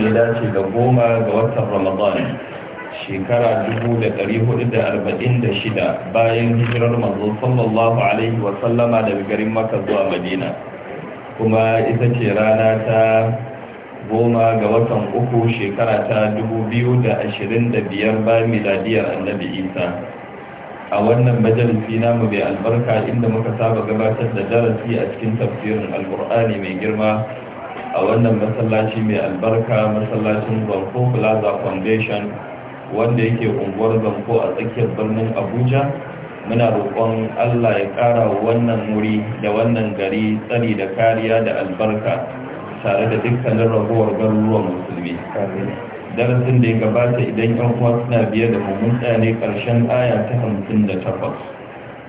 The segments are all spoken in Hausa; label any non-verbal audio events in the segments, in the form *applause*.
ya dace da goma ga watan ramadan shekara shida bayan hijirar manzo sallallahu alaihi wa sallama daga garin maka zuwa madina kuma ita ce rana ta goma ga watan uku shekara ta 2025 bayan miladiyar annabi isa a wannan majalisi namu bai albarka inda muka saba gabatar da darasi a cikin tafsirin alkur'ani mai girma a wannan masallaci mai albarka masallacin zanko plaza foundation wanda yake unguwar zanko a tsakiyar birnin abuja muna roƙon allah ya ƙara wannan wuri da wannan gari tsari da kariya da albarka tare da dukkanin raguwar garuruwan musulmi darasin da ya gabata idan yan uwa suna biye da mummun tsaya ne ƙarshen aya ta hamsin da takwas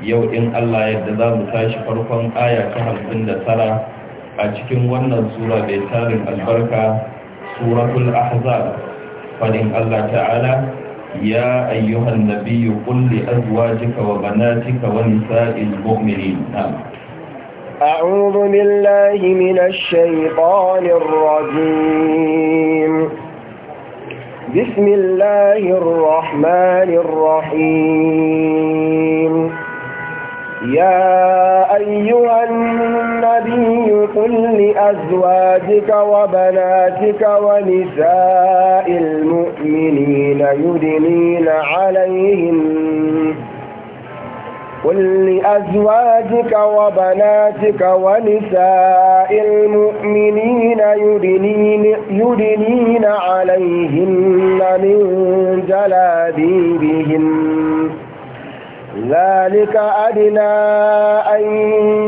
yau in allah yadda za mu tashi farkon aya ta hamsin da tara a cikin wannan sura mai tarin albarka suratul ahzab fadin Allah ta'ala ya ayyuhan nabiyyu qul li azwajika wa banatika wa nisa'il mu'minin أعوذ بالله من الشيطان الرجيم بسم الله يا أيها النبي قل لأزواجك وبناتك ونساء المؤمنين يدنين عليهم قل لأزواجك وبناتك ونساء المؤمنين يدنين, يدنين أردنا أن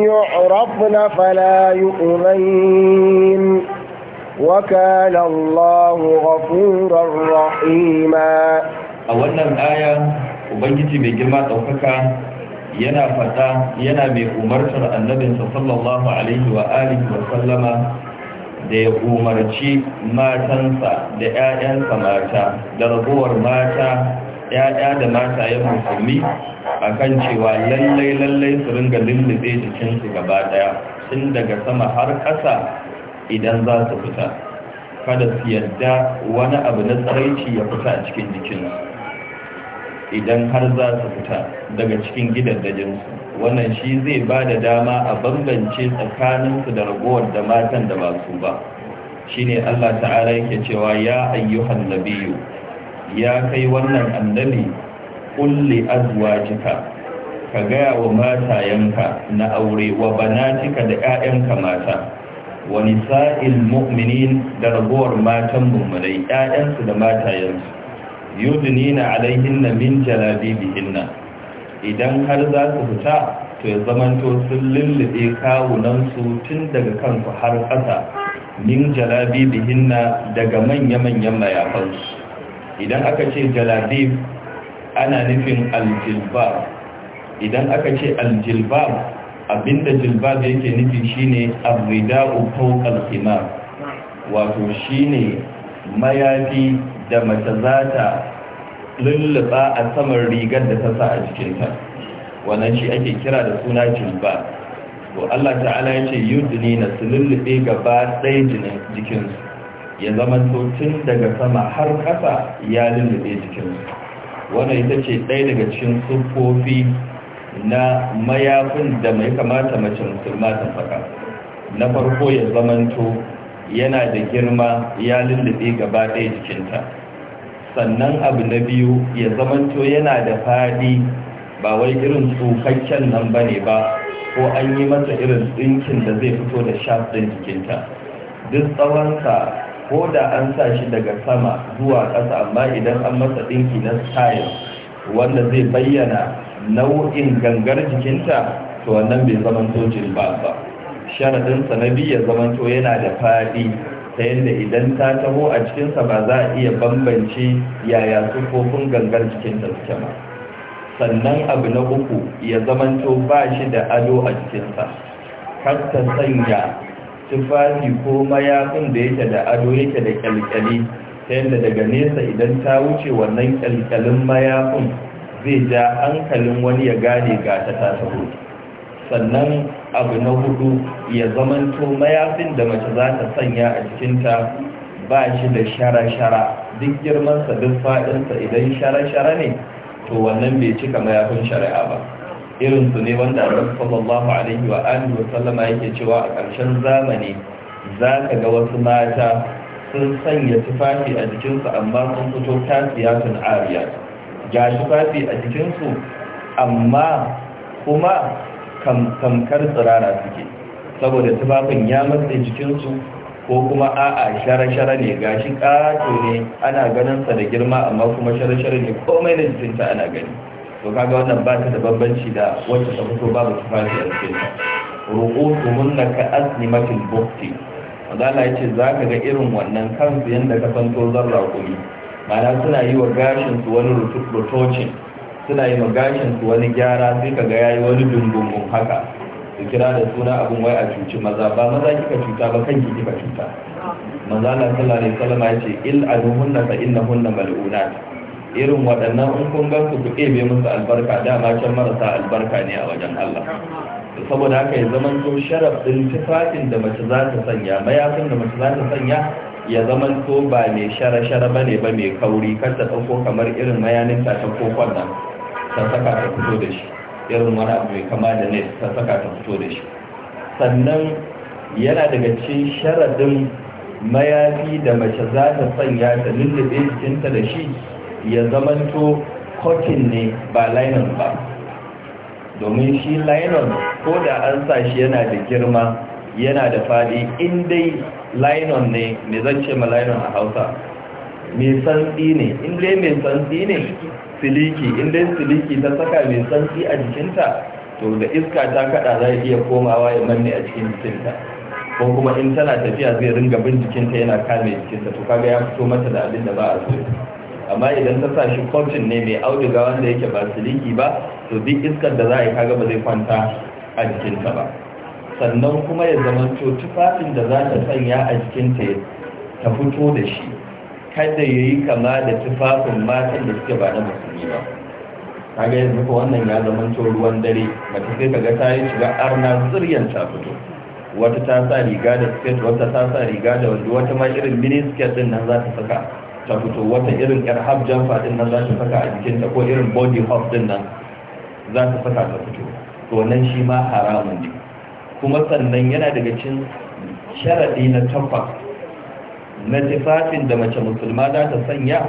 يعرفن فلا يؤذين وكان الله غفورا رحيما أولا الآية ubangiji mai girma ɗaukaka yana faɗa yana mai umartar annabinsa sallallahu alaihi wa wa sallama da ya umarci matansa da 'ya'yansa mata da ragowar mata 'ya'ya da ya musulmi A kan cewa lallai lallai su ringa lullube jikinsu gaba ɗaya, tun daga sama har ƙasa idan za su fita kada su yadda wani abu na tsaraici ya fita a cikin jikinsu idan har za su fita daga cikin gidan dajinsu, wannan shi zai ba da dama a bambance tsakaninsu da ragowar da matan da ba su ba shine Allah ta'ala yake cewa ya ayyuhan nabiyu ya kai wannan annabi kulli azwajika ka gaya wa matayenka na aure wa banatika da 'ya'yanka mata wa nisa'il mu'minin da ragowar matan mummunai 'ya'yansu da matayensu yudnina alaihinna min jalabibihinna idan har za su fita to ya zamanto sun lullube kawunansu tun daga kansu har ƙasa min jalabibihinna daga manya-manyan mayafansu idan aka ce jalabib ana nufin aljilbab idan aka ce aljilbab abinda jilbab yake nufi shine abrida'u fawq al wato shine mayafi da mace zata ta lulluba a saman rigar da ta sa a jikinta wannan shi ake kira da suna jilbab to Allah ta'ala yace ce yudni na su lullube gaba ɗaya jikin ya zama tun daga sama har ƙasa ya lullube jikinsu wannan ita ce ɗaya daga cikin siffofi na mayafin da mai kamata mace musulma ta saka na farko ya zamanto yana da girma ya lullube gaba ɗaya jikinta sannan abu na biyu ya zamanto yana da faɗi ba wai irin tsukakken nan ba ne ba ko an yi masa irin ɗinkin da zai fito da shaf ɗin jikinta duk tsawonsa ko da an sa shi daga sama zuwa ƙasa amma idan an masa ɗinki na style wanda zai bayyana nau'in gangar jikinta to wannan bai zama jilba ba Sharadinsa na biyu ya zamanto yana da faɗi ta yadda idan ta taho a cikinsa ba za a iya bambance yaya sufofin gangar jikinta suke ba sannan abu na uku ya zamanto ba shi da ado a jikinsa kar ta sanya tufafi ko mayafin da yake da ado yake da kyalkyali ta yadda daga nesa idan ta wuce wannan kyalkyalin mayafin zai ja hankalin wani ya gane ga ta ta sannan abu na hudu ya zamanto mayafin da mace za ta sanya a jikinta ba shi da shara-shara duk girmansa duk faɗinsa idan shara-shara ne to wannan bai cika mayafin shari'a ba irin su ne wanda Allah sallallahu alaihi wa alihi wa sallama yake cewa a ƙarshen zamani za ka ga wasu mata sun sanya tufafi a jikinsu amma sun fito tasiyatun ariya ga tufafi a jikinsu amma kuma tamkar tsirara suke saboda tufafin ya matsa jikinsu ko kuma a'a shara-shara ne gashi ƙato ne ana ganinsa da girma amma kuma shara-shara ne komai da jikinta ana gani to kaga wannan ba ta da bambanci da wacce ta fito babu tufafi a cikin ta ruqutu munna ka asnimatil bukti Allah ya ce ka ga irin wannan kansu yanda ka fanto zarra kuli ma'ana suna yi wa gashin su wani rutocin suna yi wa gashin su wani gyara sai ka ga yayi wani dungungun haka su kira da suna abun wai a cuci maza ba maza kika cuta ba kanki kika cuta manzo Allah sallallahu alaihi wasallam ya ce il aduhunna fa innahunna mal'unat irin waɗannan in kun gan su ku ɗebe musu albarka dama can marasa albarka ne a wajen Allah saboda haka ya zama to sharaf ɗin tufafin da mace za ta sanya mayafin da mace za ta sanya ya zama to ba mai shara-shara ba ne ba mai kauri kar ta ɗauko kamar irin mayanin ta ta kokon nan ta saka ta fito da shi irin wani abu mai kama da ne ta saka ta fito da shi sannan yana daga cikin sharaɗin mayafi da mace za ta sanya ta lullube jikinta da shi ya zamanto cotton ne ba linon ba domin shi linon ko da an sa shi yana da girma yana da fadi in dai linon ne me zan ce ma linon a hausa me santsi ne in dai santsi ne siliki in siliki ta saka mai santsi a jikinta to da iska ta kada za iya komawa ya manne a cikin jikinta ko kuma in tana tafiya zai ringa bin jikinta yana kame jikinta to kaga ya fito mata da abin da ba a so amma idan ta sa shi kwamfin ne mai auduga wanda yake ba siliki ba to duk iskar da za a yi kaga ba zai kwanta a jikinta ba sannan kuma ya zama to tufafin da za ta sanya a jikinta ta fito da shi kada ya yi kama da tufafin matan da suke ba na musulmi ba kaga yanzu ko wannan ya zama to ruwan dare mace sai kaga ta yi shiga arna zuryan ta fito wata ta sa riga da skirt wata ta sa riga da wanda wata ma irin mini skirt din nan za ta saka ta fito wata irin yar haf jamfa din nan za ta saka a jikinta ko irin body hub din nan za ta saka ta fito to wannan shi ma haramun ne kuma sannan yana daga cikin sharadi na tabbas na tufafin da mace musulma za ta sanya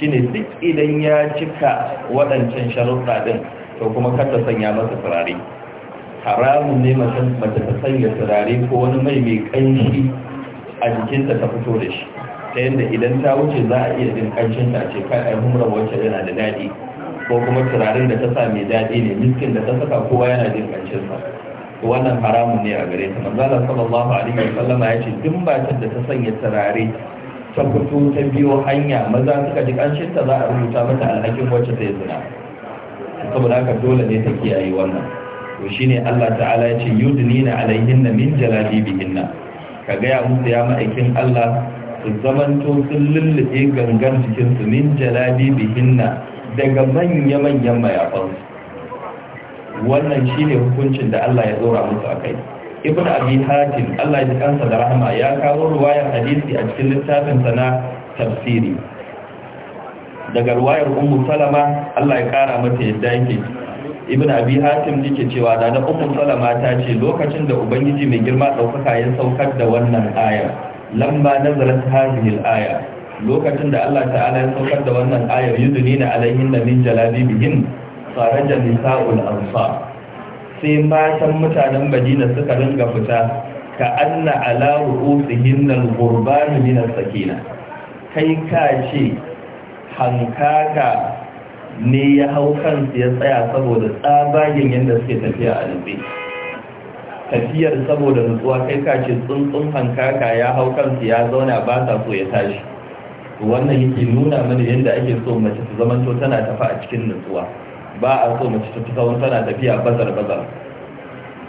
shine duk idan ya cika waɗancan sharuɗa din to kuma kar ta sanya masa turare haramun ne mace ta sanya turare ko wani mai mai ƙanshi a jikinta ta fito da shi ta yadda idan ta wuce za a iya jin ƙanshin ta ce kai ai humra wacce yana da daɗi ko kuma turaren da ta sa mai daɗi ne miskin da ta saka kowa yana jin ƙanshin sa wannan haramun ne a gare ta manzala sallallahu alaihi wa sallama ya ce duk matar da ta sanya turare ta fito ta biyo hanya maza suka ji ƙanshin ta za a rubuta mata alhakin wacce ta yi zina saboda haka dole ne ta kiyaye wannan to shine Allah ta'ala ya ce yudnina alaihinna min jalabibihinna ka gaya musu ya ma'aikin Allah su zamanto sun lullube gangan cikinsu min jalabi bihinna daga manya-manyan mayafansu wannan shi ne hukuncin da Allah ya zora musu a kai ibn abi hatim Allah ya kansa da rahama ya kawo ruwayar hadisi a cikin littafin na tafsiri daga ruwayar ummu salama Allah ya kara mata yadda yake ibn abi hatim yake cewa da na ummu salama ta ce lokacin da ubangiji mai girma daukaka ya saukar da wannan ayar lamba nazalat hadhihi al-aya lokacin da Allah ta'ala ya saukar da wannan ayar yudunina alaihinna min jalabibihin faraja nisa'ul ansar sai matan mutanen badina suka ringa fita ka anna ala ru'usihin al-qurban min sakina kai ka ce hankaka ne ya hau kansu ya tsaya saboda tsabagen yadda suke tafiya a nufi tafiyar saboda nutsuwa kai ka ce tsuntsun hankaka ya hau kansu ya zauna ba sa so ya tashi wannan yake nuna mana yadda ake so mace ta zamanto tana tafi a cikin nutsuwa ba a so mace ta fi tsawon tana tafiya bazar bazar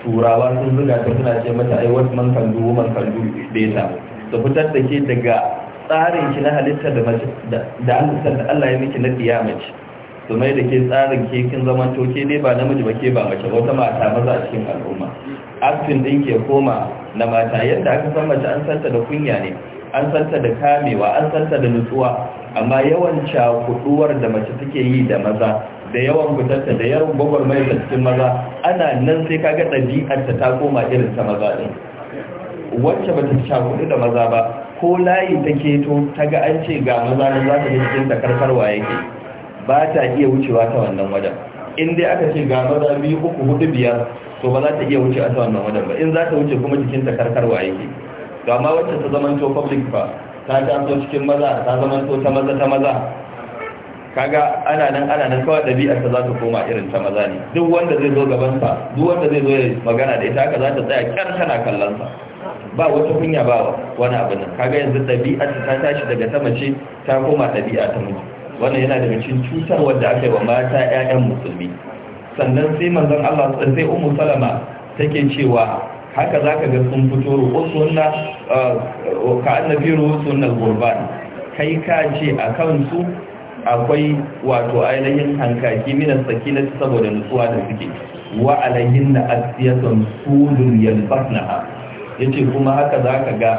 turawa sun zuga ta suna ce mata ai wasu man kan do man kan do data ta fitar da ke daga tsarin ki na halitta da da Allah ya miki na mace su mai da ke tsarin kekin zaman toke ne ba namiji ba ke ba mace wata mata maza a cikin al'umma aktin din ke koma na mata yadda aka san mace an santa da kunya ne an santa da kamewa an santa da nutsuwa amma yawan cakuduwar da mace take yi da maza da yawan fitarta da yawan mai da cikin maza ana nan sai ka ga ɗabi'arta ta koma irin ta maza ɗin wacce ba ta cakudu da maza ba ko layi ta to ta ga an ce ga maza nan za ta yi cikin takarkarwa yake ba ta iya wucewa ta wannan wajen in dai aka ce ga maza biyu uku hudu biyar to ba za ta iya wucewa ta wannan wajen ba in za ta wuce kuma jikinta karkarwa yake Ga ma wacce ta to public ba ta taso cikin maza ta to ta maza ta maza kaga ana nan ana nan kawai ɗabi'ar ta za ta koma irin ta maza ne duk wanda zai zo gaban sa duk wanda zai zo ya magana da ita haka za ta tsaya kyar tana kallon sa ba wata kunya ba wani abu nan kaga yanzu ɗabi'ar ta tashi daga ta mace ta koma ɗabi'a ta miji wannan yana da cikin cutar wanda aka yi wa mata ƴaƴan musulmi sannan sai manzon Allah sai ummu salama take cewa haka zaka ga sun fito ru'usunna ka annabi ru'usunna al-qurban kai ka ce akan su akwai wato ainihin hankaki minas sakina saboda nutsuwa da suke wa alayhin na asiyatan sulun yalbasnaha yace kuma haka zaka ga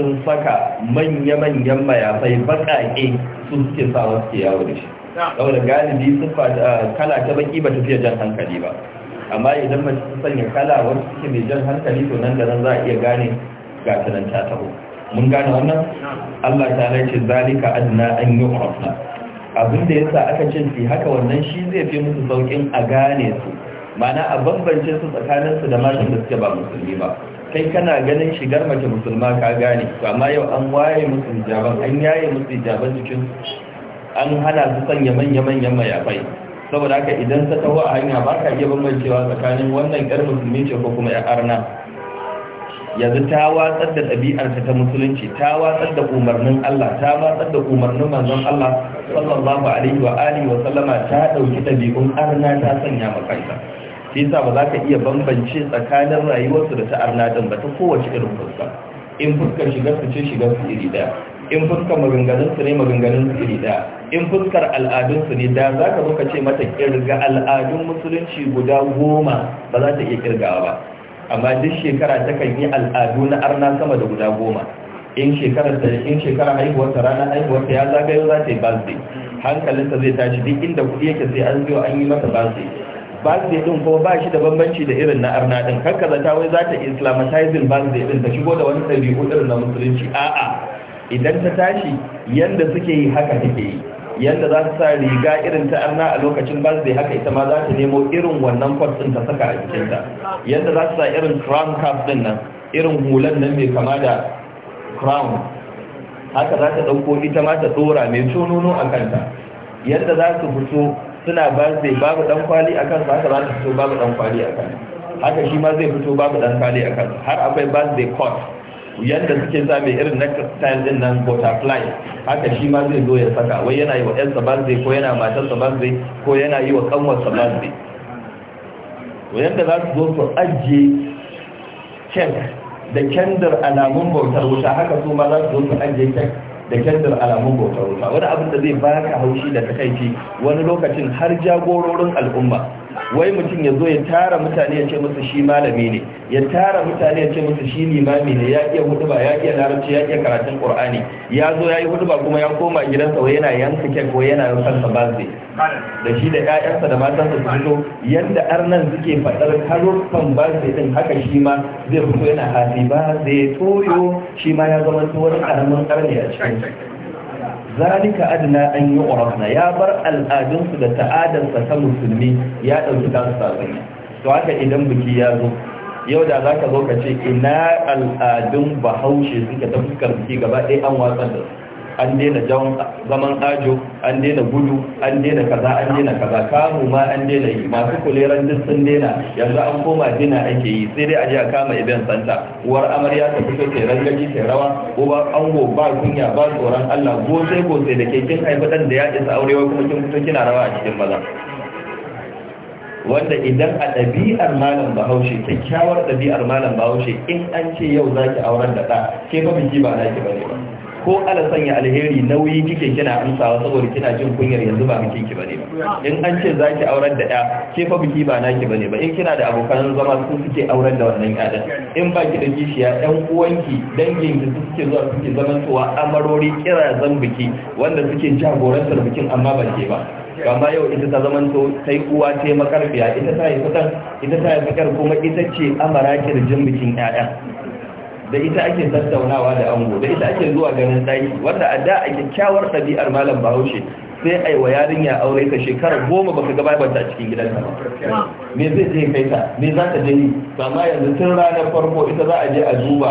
sun saka manya-manyan mayafai baƙaƙe su suke sa wasu yawo da shi saboda galibi siffa ah, kala ta baki ba ta jan hankali ba amma idan mace ta sanya kala wasu suke mai jan hankali to nan da nan za a iya gane ga tunan ta taho mun gane wannan Allah ta rai ce zalika adna an yi urafna abin da yasa aka ce fi haka wannan shi zai fi musu saukin a gane su ma'ana a bambance su tsakanin su da mashin da suke ba musulmi ba kai kana ganin shigar mace musulma ka gane to amma yau an waye musu hijaban an yaye musu hijaban cikin an hana su sanya manya-manyan mayafai saboda haka idan ta taho a hanya ba ka iya bambancewa tsakanin wannan yar musulmi ce ko kuma yar arna yanzu ta watsar da ɗabi'arta ta musulunci ta watsar da umarnin Allah ta watsar da umarnin manzon Allah sallallahu alaihi wa alihi wa sallama ta dauki ɗabi'un arna ta sanya makaita shi yasa ba za ka iya bambance tsakanin rayuwarsu da ta arna din ba ta kowace irin fuska in fuskar shigar su ce shigar su iri da in fuskar maganganun su ne maganganun su iri da in fuskar al'adun su ne da za ka zo ka ce mata kirga al'adun musulunci guda goma ba za ta iya kirgawa ba amma duk shekara ta kan yi al'adu na arna sama da guda goma in shekarar ta in shekara haihuwar ta rana haihuwar ta ya zagayo za ta yi birthday hankalinta zai tashi duk inda kuɗi yake sai an zo an yi mata birthday su din ko ba shi da bambanci da irin na arna din kakka zata wai za ta islamatizing su din ta shigo da wani ɗabi'u irin na musulunci a'a idan ta tashi yanda suke yi haka take yi yanda za ta sa riga irin ta arna a lokacin su haka ita ma za ta nemo irin wannan kwas din ta saka a jikinta yanda za ta sa irin crown cap din nan irin hulan nan mai kama da crown haka za ta ɗauko ita ma ta ɗora mai tonono a kanta yadda za su fito suna ba zai babu dan kwali a kansa haka za ta fito babu dan kwali a kansa haka shi ma zai fito babu dan kwali a kansa har akwai birthday court yadda suke sa mai irin na style din nan butterfly haka shi ma zai zo ya saka wai yana yi wa ƴansa birthday ko yana matarsa birthday ko yana yi wa kanwarsa birthday yadda za su zo su ajiye kek da kendar alamun bautar wuta haka su ma za su zo su ajiye kek da kyandar alamun bautar wuta wani abin da zai baka haushi da takaici wani lokacin har jagororin al'umma wai mutum ya zo ya tara mutane ya ce musu shi malami ne ya tara mutane ya ce musu shi limami ne ya iya huduba ba ya iya larabci ya iya karatun qur'ani ya zo ya yi huduba kuma ya koma gidansa wai yana yanka kek wai yana yanka sabazzi da shi da ƴaƴansa da matansa su fito yanda arnan suke faɗar haruffan bazai din haka shi ma zai fito yana hafi ba zai toyo shi ma ya zama wani ƙaramin ƙarni a cikin zalika adna an yi urafna ya bar al'adunsu da ta'adarsa ta musulmi ya ɗauki ta su to haka idan biki ya zo yau da za ka zo ka ce ina al'adun bahaushe suke ta fuskar biki gaba ɗaya an watsar da su an daina zaman ajo an daina gudu an daina kaza an daina kaza kamu ma an daina yi masu kuleran duk sun daina yanzu an koma dina ake yi sai dai a jiya kama idan santa uwar amarya ta fito ta rangaji ta rawa uba ango ba kunya ba tsoron Allah go sai go sai da ke kin haifi dan da ya isa aurewa kuma kin fito kina rawa a cikin maza wanda idan a ɗabi'ar malam bahaushe kyakkyawar ɗabi'ar malam bahaushe in an ce yau zaki auren da ɗa ke ba biki ba naki ne ba ko ala sanya alheri nauyi kike kina amsawa saboda kina jin kunyar yanzu ba miki ki bane in an ce zaki aurar da ɗa ke fa biki ba naki bane ba in kina da abokan zama su suke aurar da wannan ya in ba ki da kishiya ɗan uwanki dangin ki su suke zuwa suke tuwa amarori zan biki wanda suke jagorantar bikin amma ba ke ba amma yau ita ta zaman to yi uwa ce makarfiya ita ta yi fitan ita ta yi fitar kuma ita ce amara kirjin bikin ƴaƴa da ita ake tattaunawa da ango da ita ake zuwa ganin daki wanda a da a kyakkyawar ɗabi'ar malam bahaushe sai ai wa yarinya aure ta shekarar goma baka ga babanta a cikin gidanka ba me zai je kai ta me za ta je ni to amma yanzu tun ranar farko ita za a je a duba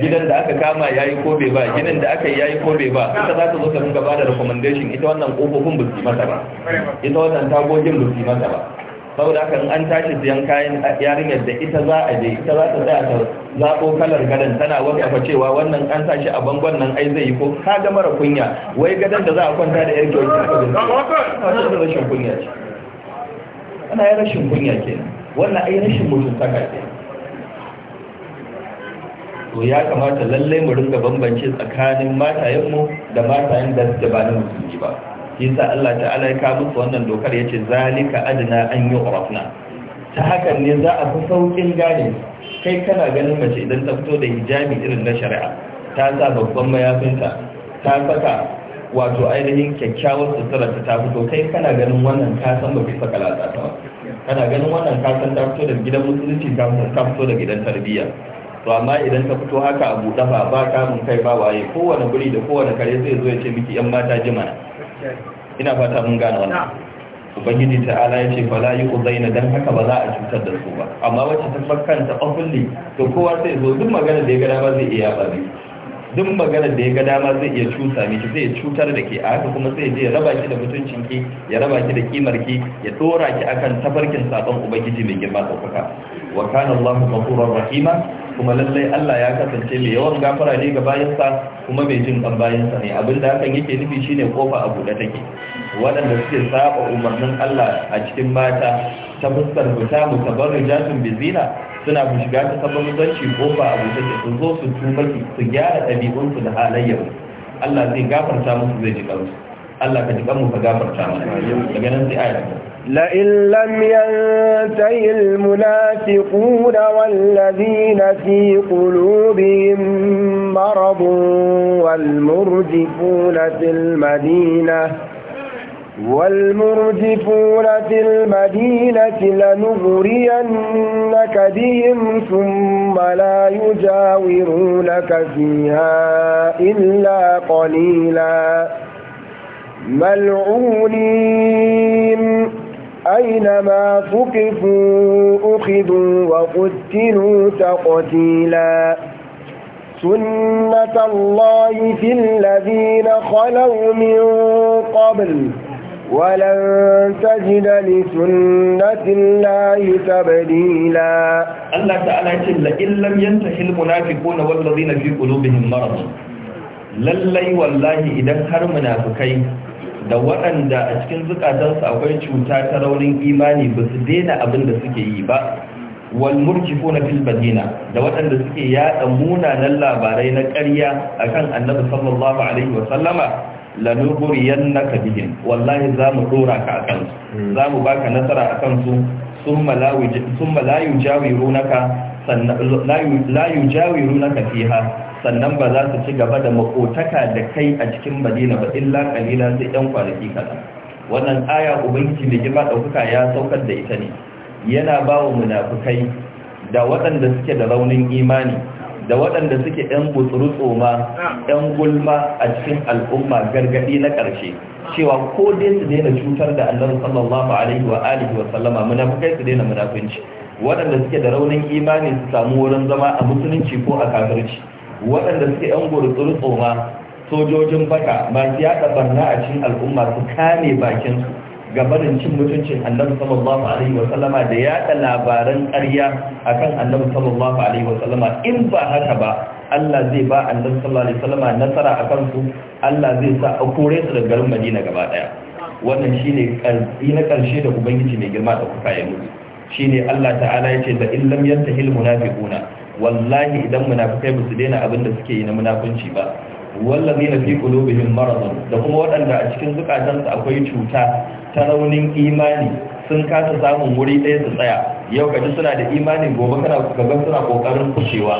gidan da aka kama yayi ko bai ba gidan da aka yayi ko bai ba ita za ta zo ta gaba da recommendation ita wannan kofofin ba su mata ba ita wannan tagogin mata ba saboda kan an tashi siyan kayan yarinyar da ita za a je ita za ta tsaya ta zaɓo kalar gadon tana wakafa cewa wannan an tashi a bangon nan ai zai yi ko ka ga mara kunya wai gadon da za a kwanta da yarki wani kafa da rashin kunya ce ana yi rashin kunya ke wannan ai rashin mutuntaka ce to ya kamata lallai mu ringa bambance tsakanin matayenmu da matayen da ba na mutunci ba yasa Allah ta'ala ya kawo musu wannan dokar yace zalika adna an yu'rafna ta hakan ne za a fi saukin gane kai kana ganin mace idan ta fito da hijabi irin na shari'a ta sa babban mayafinta ta saka wato ainihin kyakkyawar sutura ta ta fito kai kana ganin wannan san ba bisa kalata ta ba kana ganin wannan kasan ta fito da gidan musulunci ta fito da gidan tarbiyya to amma idan ta fito haka a buɗe ba ba kamun kai ba waye kowane guri da kowane kare zai zo ya ce miki yan mata jimana ina fata mun gane wannan ubangiji ta'ala ya ce fala yi uzaina dan haka ba za a cutar da su ba amma wacce ta fakanta ofulli to kowa sai zo duk magana da ya ga dama zai iya ba zai duk magana da ya ga dama zai iya cuta miki zai cutar da ke a haka kuma sai ya raba ki da mutuncin ki ya raba ki da kimar ki ya dora ki akan tafarkin sabon ubangiji mai girma ɗaukaka wa kana Allahu ghafurur rahima kuma lallai Allah ya kasance mai yawan gafara ne ga bayansa kuma mai jin ɗan bayansa ne da hakan yake nufi ne kofa a buɗe take waɗanda suke saba umarnin Allah a cikin mata ta fuskar fita mutabarrijatun bizina suna shiga ta zanci kofa a buɗe take su zo su tuba su gyara ɗabi'unsu da halayyar Allah zai gafarta musu zai ji kansu Allah ka ji kanmu ka gafarta musu daga nan sai ayyuka لئن لم ينتهي المنافقون والذين في قلوبهم مرض والمرجفون في المدينة والمرجفون في المدينة لنغرينك بهم ثم لا يجاورونك فيها إلا قليلا ملعونين أينما ثقفوا أخذوا وقتلوا تقتيلا سنة الله في الذين خلوا من قبل ولن تجد لسنة الله تبديلا الله تعالى يقول لئن لم ينتهي المنافقون والذين في قلوبهم مرض lallai wallahi idan har munafukai da waɗanda a cikin zukatansu akwai cuta ta raunin imani ba su daina abin da suke yi ba wal murjifu na fil da waɗanda suke yaɗa munanan labarai na ƙarya akan annabi sallallahu alaihi wa sallama wallahi za mu ɗora ka akan hmm. za mu baka nasara a kansu, sun la summa la yujawirunaka sannan fiha sannan ba za su ci gaba da makotaka da kai a cikin madina ba illa kalila sai ɗan kwanaki kaza wannan aya ubangiji da jima ɗaukaka ya saukar da ita ne yana ba wa munafukai da waɗanda suke da raunin imani da waɗanda suke ɗan gutsurutso ma ɗan gulma a cikin al'umma gargaɗi na ƙarshe cewa ko dai su daina cutar da Allah sallallahu alaihi wa alihi wa sallama munafukai su daina munafunci waɗanda suke da raunin imani su samu wurin zama a musulunci ko a kafirci waɗanda suke yan gurutsuru tsoma sojojin baka basu yaɗa barna a cikin al'umma su kame bakinsu gabanin cin mutuncin annabi sallallahu alaihi wa sallama da yaɗa labaran ƙarya akan annabi sallallahu alaihi wa sallama in ba haka ba Allah zai ba annabi sallallahu alaihi wa sallama nasara a kansu. Allah zai sa a kore su daga garin Madina gaba daya wannan shine ƙarfi na ƙarshe da ubangiji mai girma da kuka ya mutu shine Allah ta'ala yace da in lam yantahil munafiquna wallahi idan munafikai ba su daina abin da suke yi na munafunci ba wallazi na fi qulubihim maradun da kuma waɗanda a cikin zukatansu akwai cuta ta raunin imani sun kasa samun wuri ɗaya su tsaya yau kaji suna da imani gobe kana gaban suna kokarin kushewa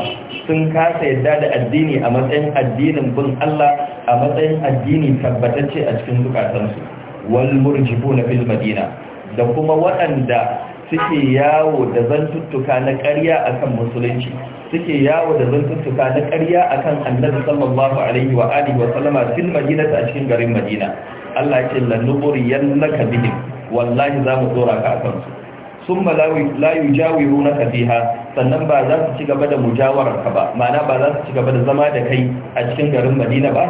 sun kasa yadda da addini a matsayin addinin bin Allah a matsayin addini tabbatacce a cikin zukatansu wal na fil madina da kuma waɗanda suke yawo da zantuttuka na ƙarya akan musulunci suke yawo da zantuttuka na ƙarya akan annabi sallallahu alaihi wa alihi wa sallama fil madinati a cikin garin madina Allah ya ce lanuburiyanaka bihim wallahi za mu dora ka akan su sun ba la yi jawiru na kafiha sannan ba za su ci gaba da mujawararka ba Ma'ana ba za su ci gaba da zama da kai a cikin garin madina ba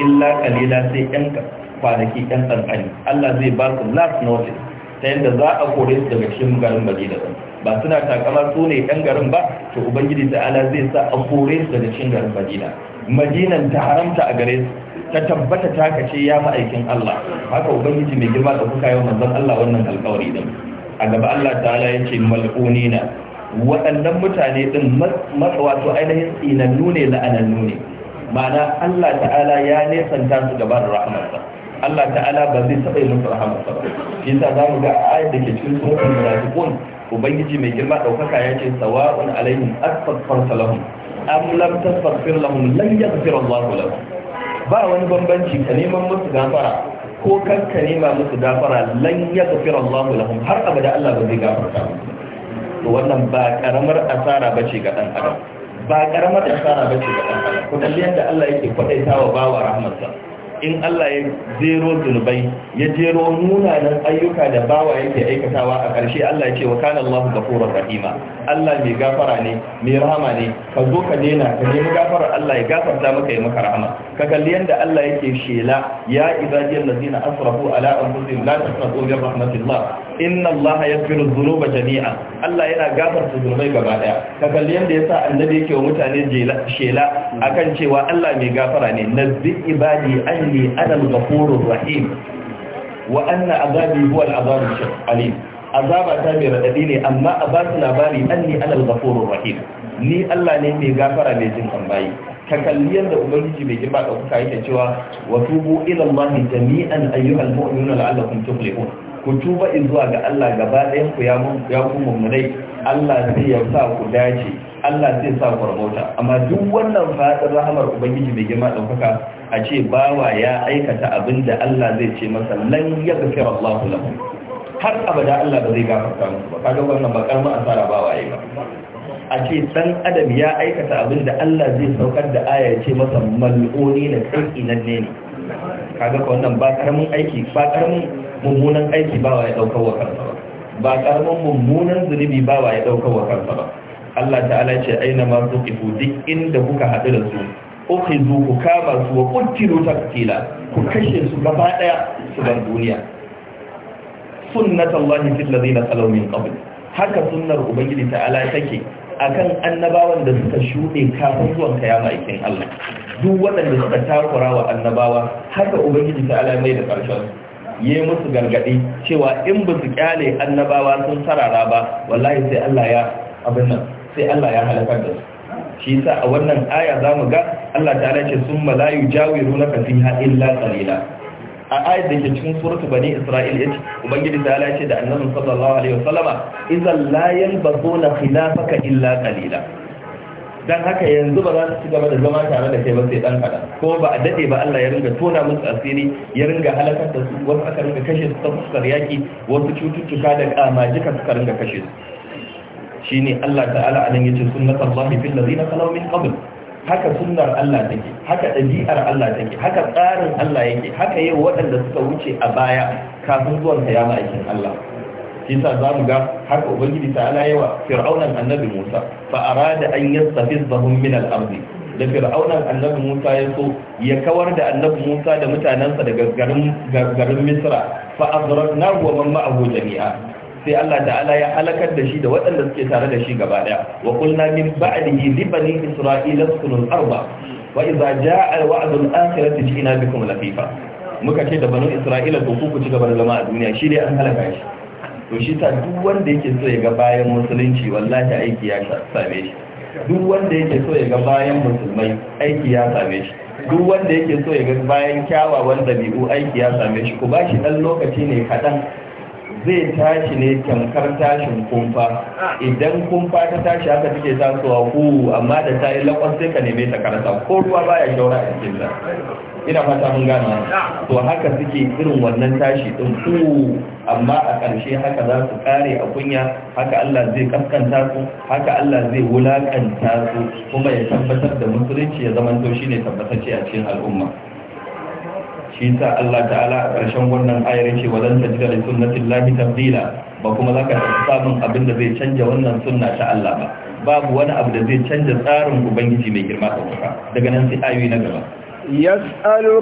illa kalila sai yan kwanaki yan tsankani allah zai ba su last notice ta yadda za a kore su daga cikin garin madina ba suna takama su ne ɗan garin ba to ubangiji ta'ala zai sa a kore su daga cikin garin madina madinan ta haramta a gare su ta tabbata ta kace ya ma'aikin Allah haka ubangiji mai girma da kuka yau manzon Allah wannan alƙawari din a gaba Allah ta'ala ya ce mal'unina waɗannan mutane din matsawa wato ainihin tsinannu ne la'anannu ne ma'ana Allah ta'ala ya nesanta su gaban rahamarsa Allah ta'ala ba zai taɓa yi musu rahama ba yasa za mu ga ayat da ke cikin suratul munafiqun ubangiji mai girma ɗaukaka ya ce sawa'un alaihim astaghfarta lahum am lam tastaghfir lahum lan yaghfir Allah lahum ba wani bambanci ka neman musu gafara ko kan ka nema musu gafara lan yaghfir Allah lahum har abada Allah ba zai gafarta to wannan ba karamar asara bace ga dan adam ba karamar asara bace ga dan adam ko dalilin da Allah yake kwadaitawa bawa rahmatsa in Allah ya zero zunubai ya jero munanan ayyuka da bawa yake aikatawa a ƙarshe Allah ya ce wa kana Allahu ghafurur rahima Allah mai gafara ne mai rahama ne ka zo ka dena ka nemi gafarar Allah ya gafarta maka ya maka rahama ka kalli yanda Allah yake shela ya ibadiyal ladina asrafu ala anfusihim la taqnatu min rahmatillah inna Allah yaghfiru dhunuba jami'a Allah yana gafarta zunubai gaba daya ka kalli yanda yasa annabi yake wa mutane shela akan cewa Allah mai gafara ne nazzi ibadi an anni ana al-ghafurur rahim wa anna huwa al al-alim azaba ta mai radadi ne amma a ba su labari anni ana al-ghafurur rahim ni Allah ne mai gafara mai jin tambayi ka kalli yadda ubangiji mai girma da kuka yake cewa wa tubu ila Allah jami'an ayyuhal mu'minuna la'allakum tuflihun ku tuba zuwa ga Allah gaba ɗayan ku ya ku mummunai Allah zai ya sa ku dace Allah sai sa ku rabauta amma duk wannan fadin rahamar ubangiji mai girma daukaka a ce bawa ya aikata abin da Allah zai ce masa lan yaghfir Allah lahu har abada Allah ba zai gafarta musu ba kaga wannan ba karma asara bawa yayi ba a ce dan adam ya aikata abin da Allah zai saukar da aya ya ce masa mal'uni na kai inan ne kaga ko wannan ba karamin aiki ba karamin mummunan aiki bawa ya daukar wa kansa ba ba karamin mummunan zunubi bawa ya daukar wa kansa ba Allah ta'ala ce aina ma tuqifu duk inda kuka haɗu da su ukhizu ku kama su wa ta kila ku kashe su gaba ɗaya su bar duniya Allah fil ladina salaw min qabl haka sunnar ubangiji ta'ala take akan annabawan da suka shuɗe kafin zuwan kayama aikin Allah duk waɗanda suka takura wa annabawa haka ubangiji Ta'ala ala mai da ƙarshen yi musu gargaɗi cewa in ba su kyale annabawa sun sarara ba wallahi sai Allah ya abin nan sai Allah ya halakar da su shi yasa a wannan aya mu ga Allah ta'ala ce jawo la yujawirunaka fiha illa qalila a ayat da ke cikin suratu bani isra'il yace ubangiji ta'ala ce da annabi sallallahu alaihi wasallama idan la yanbazuna khilafaka illa qalila dan haka yanzu ba za su ci gaba da zama tare da kai ba sai dan kada ko ba a daɗe ba Allah ya ringa tona musu asiri ya ringa halakar da su wasu aka ringa kashe su ta fuskar yaki wasu cututtuka da kamajika suka ringa kashe su shine Allah ta'ala anan yace sunnatullahi fil ladina khalaw min qabl haka sunnar Allah take haka ɗabi'ar Allah take haka tsarin Allah yake haka yau waɗanda suka wuce a baya kafin zuwan ya aikin Allah shi sa za mu ga haka ubangiji ta'ala ala yawa fir'aunan annabi Musa fa arada an yastafizzahum min al da fir'aunan annabi Musa ya so ya kawar da annabi Musa da mutanansa daga garin garin Misra fa azraqnahu wa man ma'ahu jami'a sai Allah ta'ala ya halakar da shi da waɗanda suke tare da shi gaba ɗaya. wa qulna min ba'dihi li bani isra'ila sunu arba wa idza ja'a wa'du al-akhirati ji'na bikum lafifa. muka ce da banu isra'ila ko ku ci gaba da zama a duniya shi dai an halaka shi to shi ta duk wanda yake so ya ga bayan musulunci wallahi aiki ya same shi duk wanda yake so ya ga bayan musulmai aiki ya same shi duk wanda yake so ya ga bayan kyawawan dabi'u aiki ya same shi ku ba shi dan lokaci ne kaɗan zai tashi ne tamkar tashin kumfa idan kumfa ta tashi haka take tasowa ku amma da ta yi lakon sai ka neme ta karasa ko ruwa baya shaura a cikin ta ina fata mun gano to haka suke irin wannan tashi din ku amma a ƙarshe haka za su kare a kunya haka Allah zai kaskanta su haka Allah zai wulakanta su kuma ya tabbatar da musulunci ya zama to shine tabbatacce a cikin al'umma shi sa Allah ta'ala a ƙarshen wannan ayar yake wa zan da sunnatin lahi tabdila ba kuma za ka samun abin da zai canja wannan sunna ta Allah ba babu wani abu da zai canja tsarin ubangiji mai girma ɗaukaka daga nan sai ayoyi na gaba an-nasu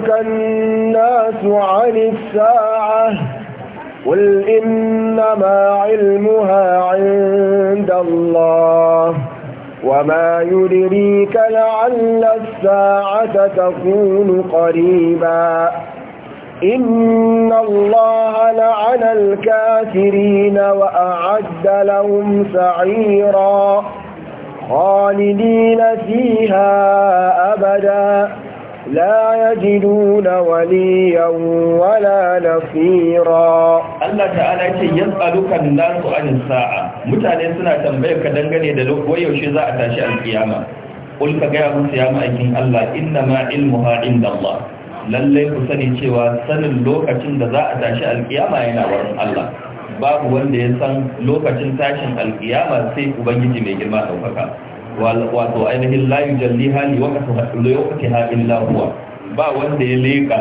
الناس sa'a الساعة inna ma 'ilmuha 'inda Allah وما يدريك لعل الساعة تكون قريبا إن الله لعن الكافرين وأعد لهم سعيرا خالدين فيها أبداً لا يجدون وليا ولا نصيرا الله تعالى يسألك الناس عن الساعة mutane suna tambayar ka dangane da lokacin yaushe za a tashi alkiyama kul ka gaya musu ya ma'aikin Allah inna ma ilmuha inda Allah lallai ku sani cewa sanin lokacin da za a tashi alkiyama yana wurin Allah babu wanda ya san lokacin tashin alkiyama sai ubangiji mai girma da daukaka wato ainihin layu jalli hali lokaci ha illa huwa ba wanda ya leka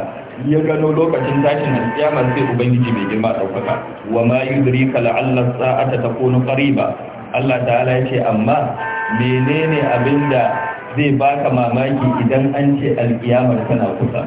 ya gano lokacin tashin alƙiyama sai ubangiji mai girma ɗaukaka wa ma yudrika la'alla sa'ata takunu ƙariba? Allah ta'ala ya ce amma menene abinda zai baka mamaki idan an ce alƙiyamar tana kusa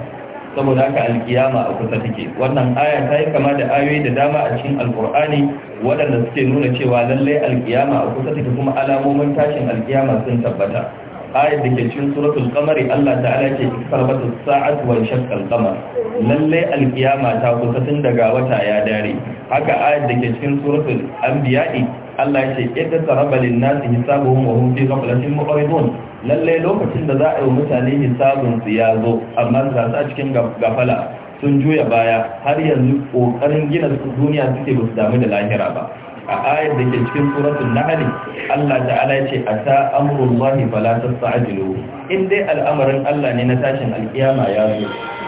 saboda haka alkiyama a kusa take wannan aya ta yi kama da ayoyi da dama a cikin alkur'ani waɗanda suke nuna cewa lallai alkiyama a kusa take kuma alamomin tashin alkiyama sun tabbata ayar da ke cikin suratul qamari Allah ta'ala ce iktarabatu sa'atu wa shaqqal qamar Lallai alkiyama ta kusa tun daga wata ya dare haka ayar da ke cikin suratul anbiya'i Allah ce idza taraba linnasi nasi hisabuhum wa hum fi ghaflatin muqridun lallai lokacin da za a yi mutane hisabin su ya zo amma za su a cikin gafala sun juya baya har yanzu kokarin gina duniya suke ba su damu da lahira ba a ayar da ke cikin suratun nahl Allah ta'ala ya ce ata amrullahi Falatar tastajilu in dai al'amarin Allah ne na tashin alkiyama ya zo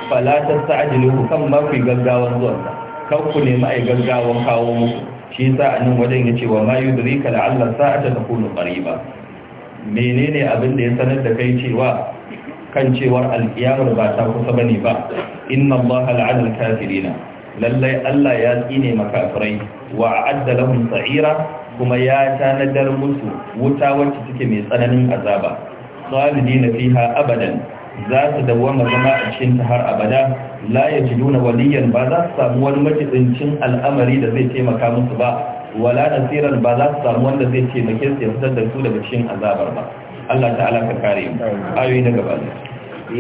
Falatar tastajilu kan ma ku gaggawan zuwansa, kan ku nemi ai gaggawan kawo muku shi yasa anan wajen yace wa ma yudrika la'alla sa'ata takunu ba. menene abin da ya sanar da kai cewa kan cewar alkiyamar ba ta kusa bane ba inna allaha la'anal kafirina lallai Allah ya tsine makafirai wa a'adda lahum sa'ira kuma ya tanadar musu wuta wacce take mai tsananin azaba khalidina fiha abadan za su dawwama zama a cikin ta har abada la yajiduna waliyan ba za su samu wani majidincin al'amari da zai taimaka musu ba wala da tsirar ba za su samu wanda zai ce makin sai fitar da su daga cikin azabar ba Allah ta alaka kare mu ayoyi daga ba ne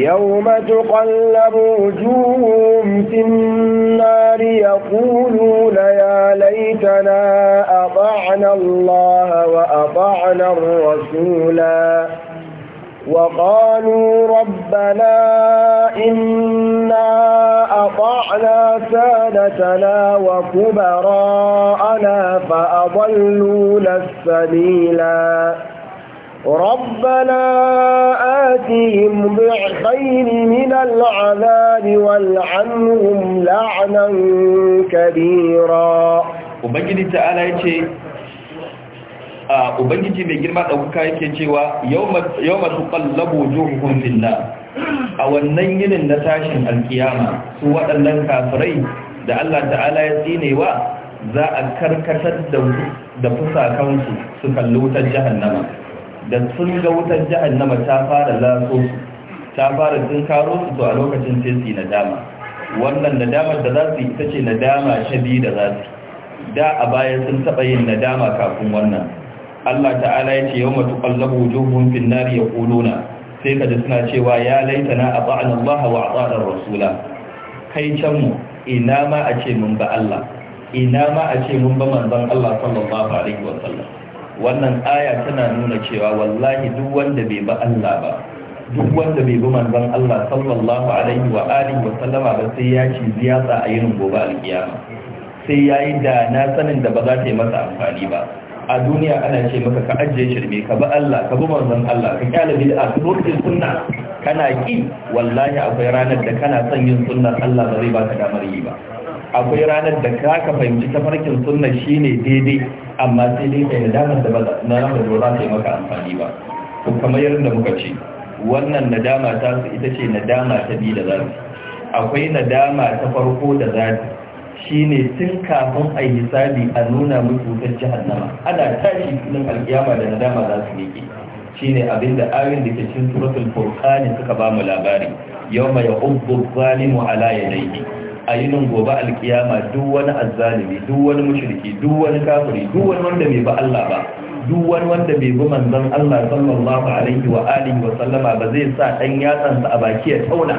yawma tuqallabu wujuhum fin nar yaquluna ya laitana ata'na Allah wa ata'na ar-rasula وقالوا ربنا إنا أطعنا سادتنا وكبراءنا فأضلونا السبيلا ربنا آتهم ضعفين من العذاب والعنهم لعنا كبيرا وبجد تعالى يتي ubangiji mai girma ɗaukuka yake cewa yau masu ƙallabo juhun finna a wannan yinin na tashin alkiyama su waɗannan kafirai da Allah ta'ala ya tsinewa za a karkatar da fusakansu su kalli wutar jahannama da sun ga wutar jahannama ta fara laso su ta fara sun karo su to a lokacin sai nadama wannan nadamar da za su yi ita ce nadama shadi da za su da a baya sun taɓa yin nadama kafin wannan Allah ta'ala ya ce yau yawma tuqallabu wujuhum finnari ya yaquluna sai ka ji suna cewa ya a ba'an Allah wa ata'ana rasula kai can mu ina ma a ce mun ba Allah ina ma a ce mun ba manzon Allah sallallahu alaihi wa sallam wannan aya tana nuna cewa wallahi duk wanda bai ba Allah ba duk wanda bai bi manzon Allah sallallahu alaihi wa alihi wa sallama ba sai ya ci ziyasa a yinin gobe alkiyama sai yayi da na sanin da ba za ta yi masa amfani ba a duniya ana ce maka ka ajiye shirme ka bi Allah ka bi manzon Allah ka kyale bid'a ka roƙi sunna kana ki wallahi akwai ranar da kana son yin sunnar Allah ba zai baka damar yi ba akwai ranar da ka ka fahimci tafarkin sunna shine daidai amma sai dai kai nadamar da ba na ranar da ba za yi maka amfani ba to kamar yadda muka ce wannan nadama ta su ita ce nadama ta bi da zafi. akwai nadama ta farko da zafi. shine tun kafin a yi hisabi a nuna musu wutar jahannama ana tashi filin alkiyama da nadama za su yake shine abinda ayin da ke cikin suratul furqan suka ba mu labari mai yahubbu zalimu ala yi ayinin gobe alkiyama duk wani azzalimi duk wani mushriki duk wani kafiri duk wani wanda bai bi Allah ba duk wani wanda bai bi manzon Allah sallallahu alaihi wa alihi wa sallama ba zai sa dan yatsansa a baki ya tauna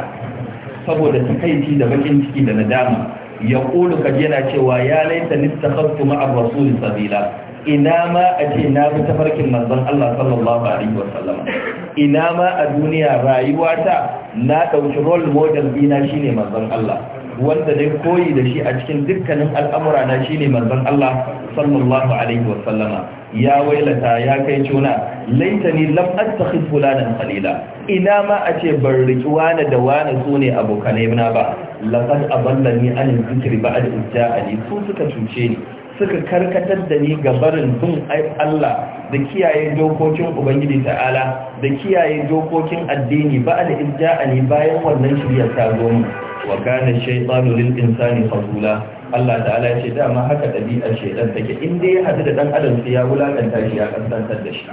saboda takaici da bakin ciki da nadama ya ƙulu kaji yana cewa ya laita nistafattu ma'ar rasuli sabila ina ma a ce na bi tafarkin manzon Allah sallallahu alaihi wasallam ina ma a duniya rayuwata na ɗauki role model ɗina shine manzon Allah wanda dai koyi da shi a cikin dukkanin al'amura na shine manzan Allah sallallahu alaihi ya wailata ya kai cuna laitani lam attakhid fulanan qalila ina ma a ce ban riki wani da wani su ne abokanai na ba laqad aballani an zikri ba'd su suka cuce ni suka karkatar da ni ga barin bin Allah da kiyaye dokokin Ubangiji ta'ala da kiyaye dokokin addini ba'd Ija'ani, bayan wannan shirya ta zo mu wa kana shaytanu lil insani fasula Allah ta'ala yace ce dama haka dabi'ar shaytan take in dai ya hadu da dan adam sai ya wulakanta shi ya kantantar da shi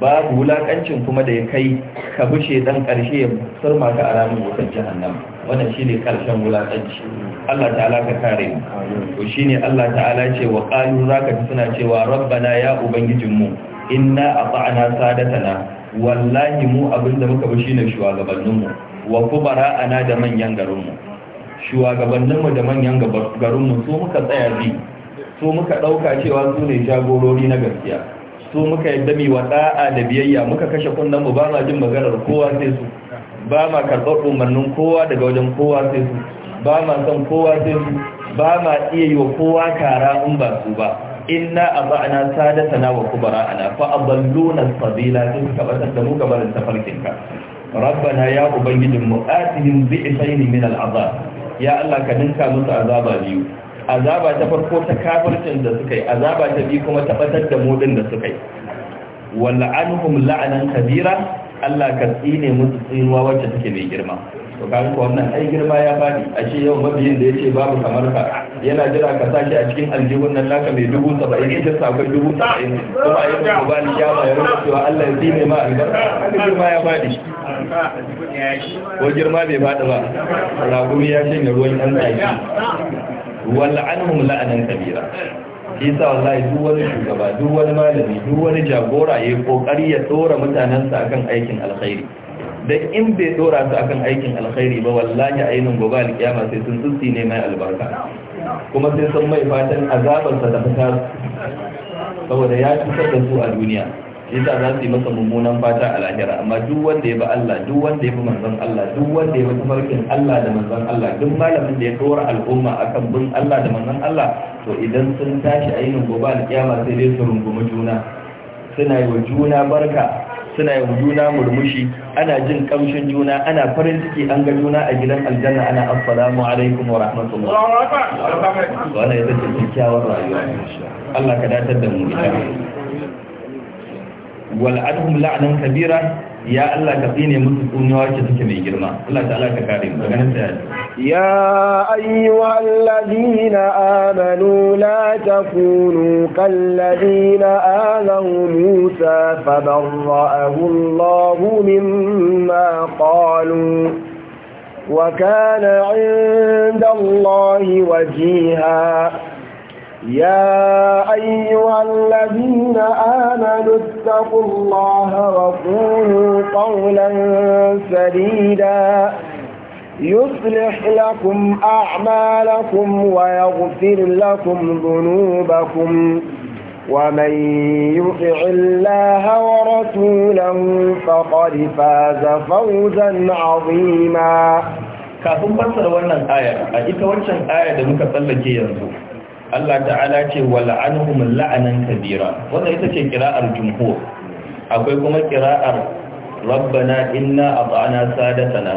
babu wulakancin kuma da ya kai ka bi shaytan karshe ya surma ka a ramin wutar jahannama wannan shine karshen wulakanci Allah ta'ala ka kare mu to shine Allah ta'ala ce wa qalu zaka ji suna cewa rabbana ya mu inna ata'na sadatana wallahi mu abinda muka bi shine shugabanninmu wa kubara ana da manyan garinmu shugabanninmu da manyan garinmu su muka tsaya bi su muka ɗauka cewa su ne jagorori na gaskiya su muka yadda mi wada'a da biyayya muka kashe mu ba ma jin maganar kowa sai su ba ma karɓar umarnin kowa daga wajen kowa sai su ba ma son kowa sai su ba ma iya yi wa kowa kara in ba su ba inna sadata sadatana wa ana fa na sabila sun kabatar da mu gabarin tafarkinka rabbana ya ubangijin mu atihim bi'saini min al'azab ya Allah ka dinka musu azaba biyu azaba ta farko ta kafircin da suka yi azaba ta biyu kuma ta batar da mudin da suka yi walla la'anan kabira Allah ka tsine musu tsinuwa wacce take mai girma to ka ko wannan ai girma ya fadi ce yau mabiyin da yace babu kamar ka yana jira ka sashi a cikin aljihun nan naka mai dubu saba'in ita sakon dubu saba'in kuma a yadda ku bani shama ya rubuta cewa Allah ya tsine ma albarka "Ai, girma ya fadi ko girma bai fadi ba ragumi ya shanye ruwan ɗan tsaki anhum la'anan kabira Isa sa wallahi duk wani shugaba duk wani malami duk wani jagora yayi kokari ya tsora mutanansa akan aikin alkhairi da in bai dora su akan aikin alkhairi ba wallahi ainin gobe alkiyama sai sun tsitsi ne mai albarka kuma sai sun mai fatan azabar sa da fata saboda ya cutar da su a duniya yasa za su yi masa mummunan fata a lahira amma duk wanda ya bi Allah duk wanda ya bi manzon Allah duk wanda ya bi tafarkin Allah da manzon Allah duk malamin da ya dora al'umma akan bin Allah da manzon Allah to idan sun tashi ainin gobe alkiyama sai dai su rungumi juna suna yi wa juna barka suna yin juna murmushi ana jin kamshin juna ana farin ciki an ga juna a gidan aljanna ana assalamu alaikum wa rahmatullah wannan ita ce kyakkyawar rayuwa Allah ka datar da mu ita wal adhum la'nan kabira ya Allah ka tsine musu kunuwa ce suke mai girma Allah ta'ala ka kare mu daga nan ya ayyuhal ladina amanu la takunu kal ladina alaw musa fa barra'ahu Allah mimma qalu وكان عند الله وجيها يا أيها الذين آمنوا اتقوا الله وقولوا قولا سديدا يصلح لكم أعمالكم ويغفر لكم ذنوبكم ومن يطع الله ورسوله فقد فاز فوزا عظيما kafin fassara wannan ayar a ita wancan ayar da muka tsallake yanzu Allah ta'ala ce wal'anhum la'anan kabira wannan ita ce kira'ar jumhur akwai kuma kira'ar rabbana inna ata'na sadatana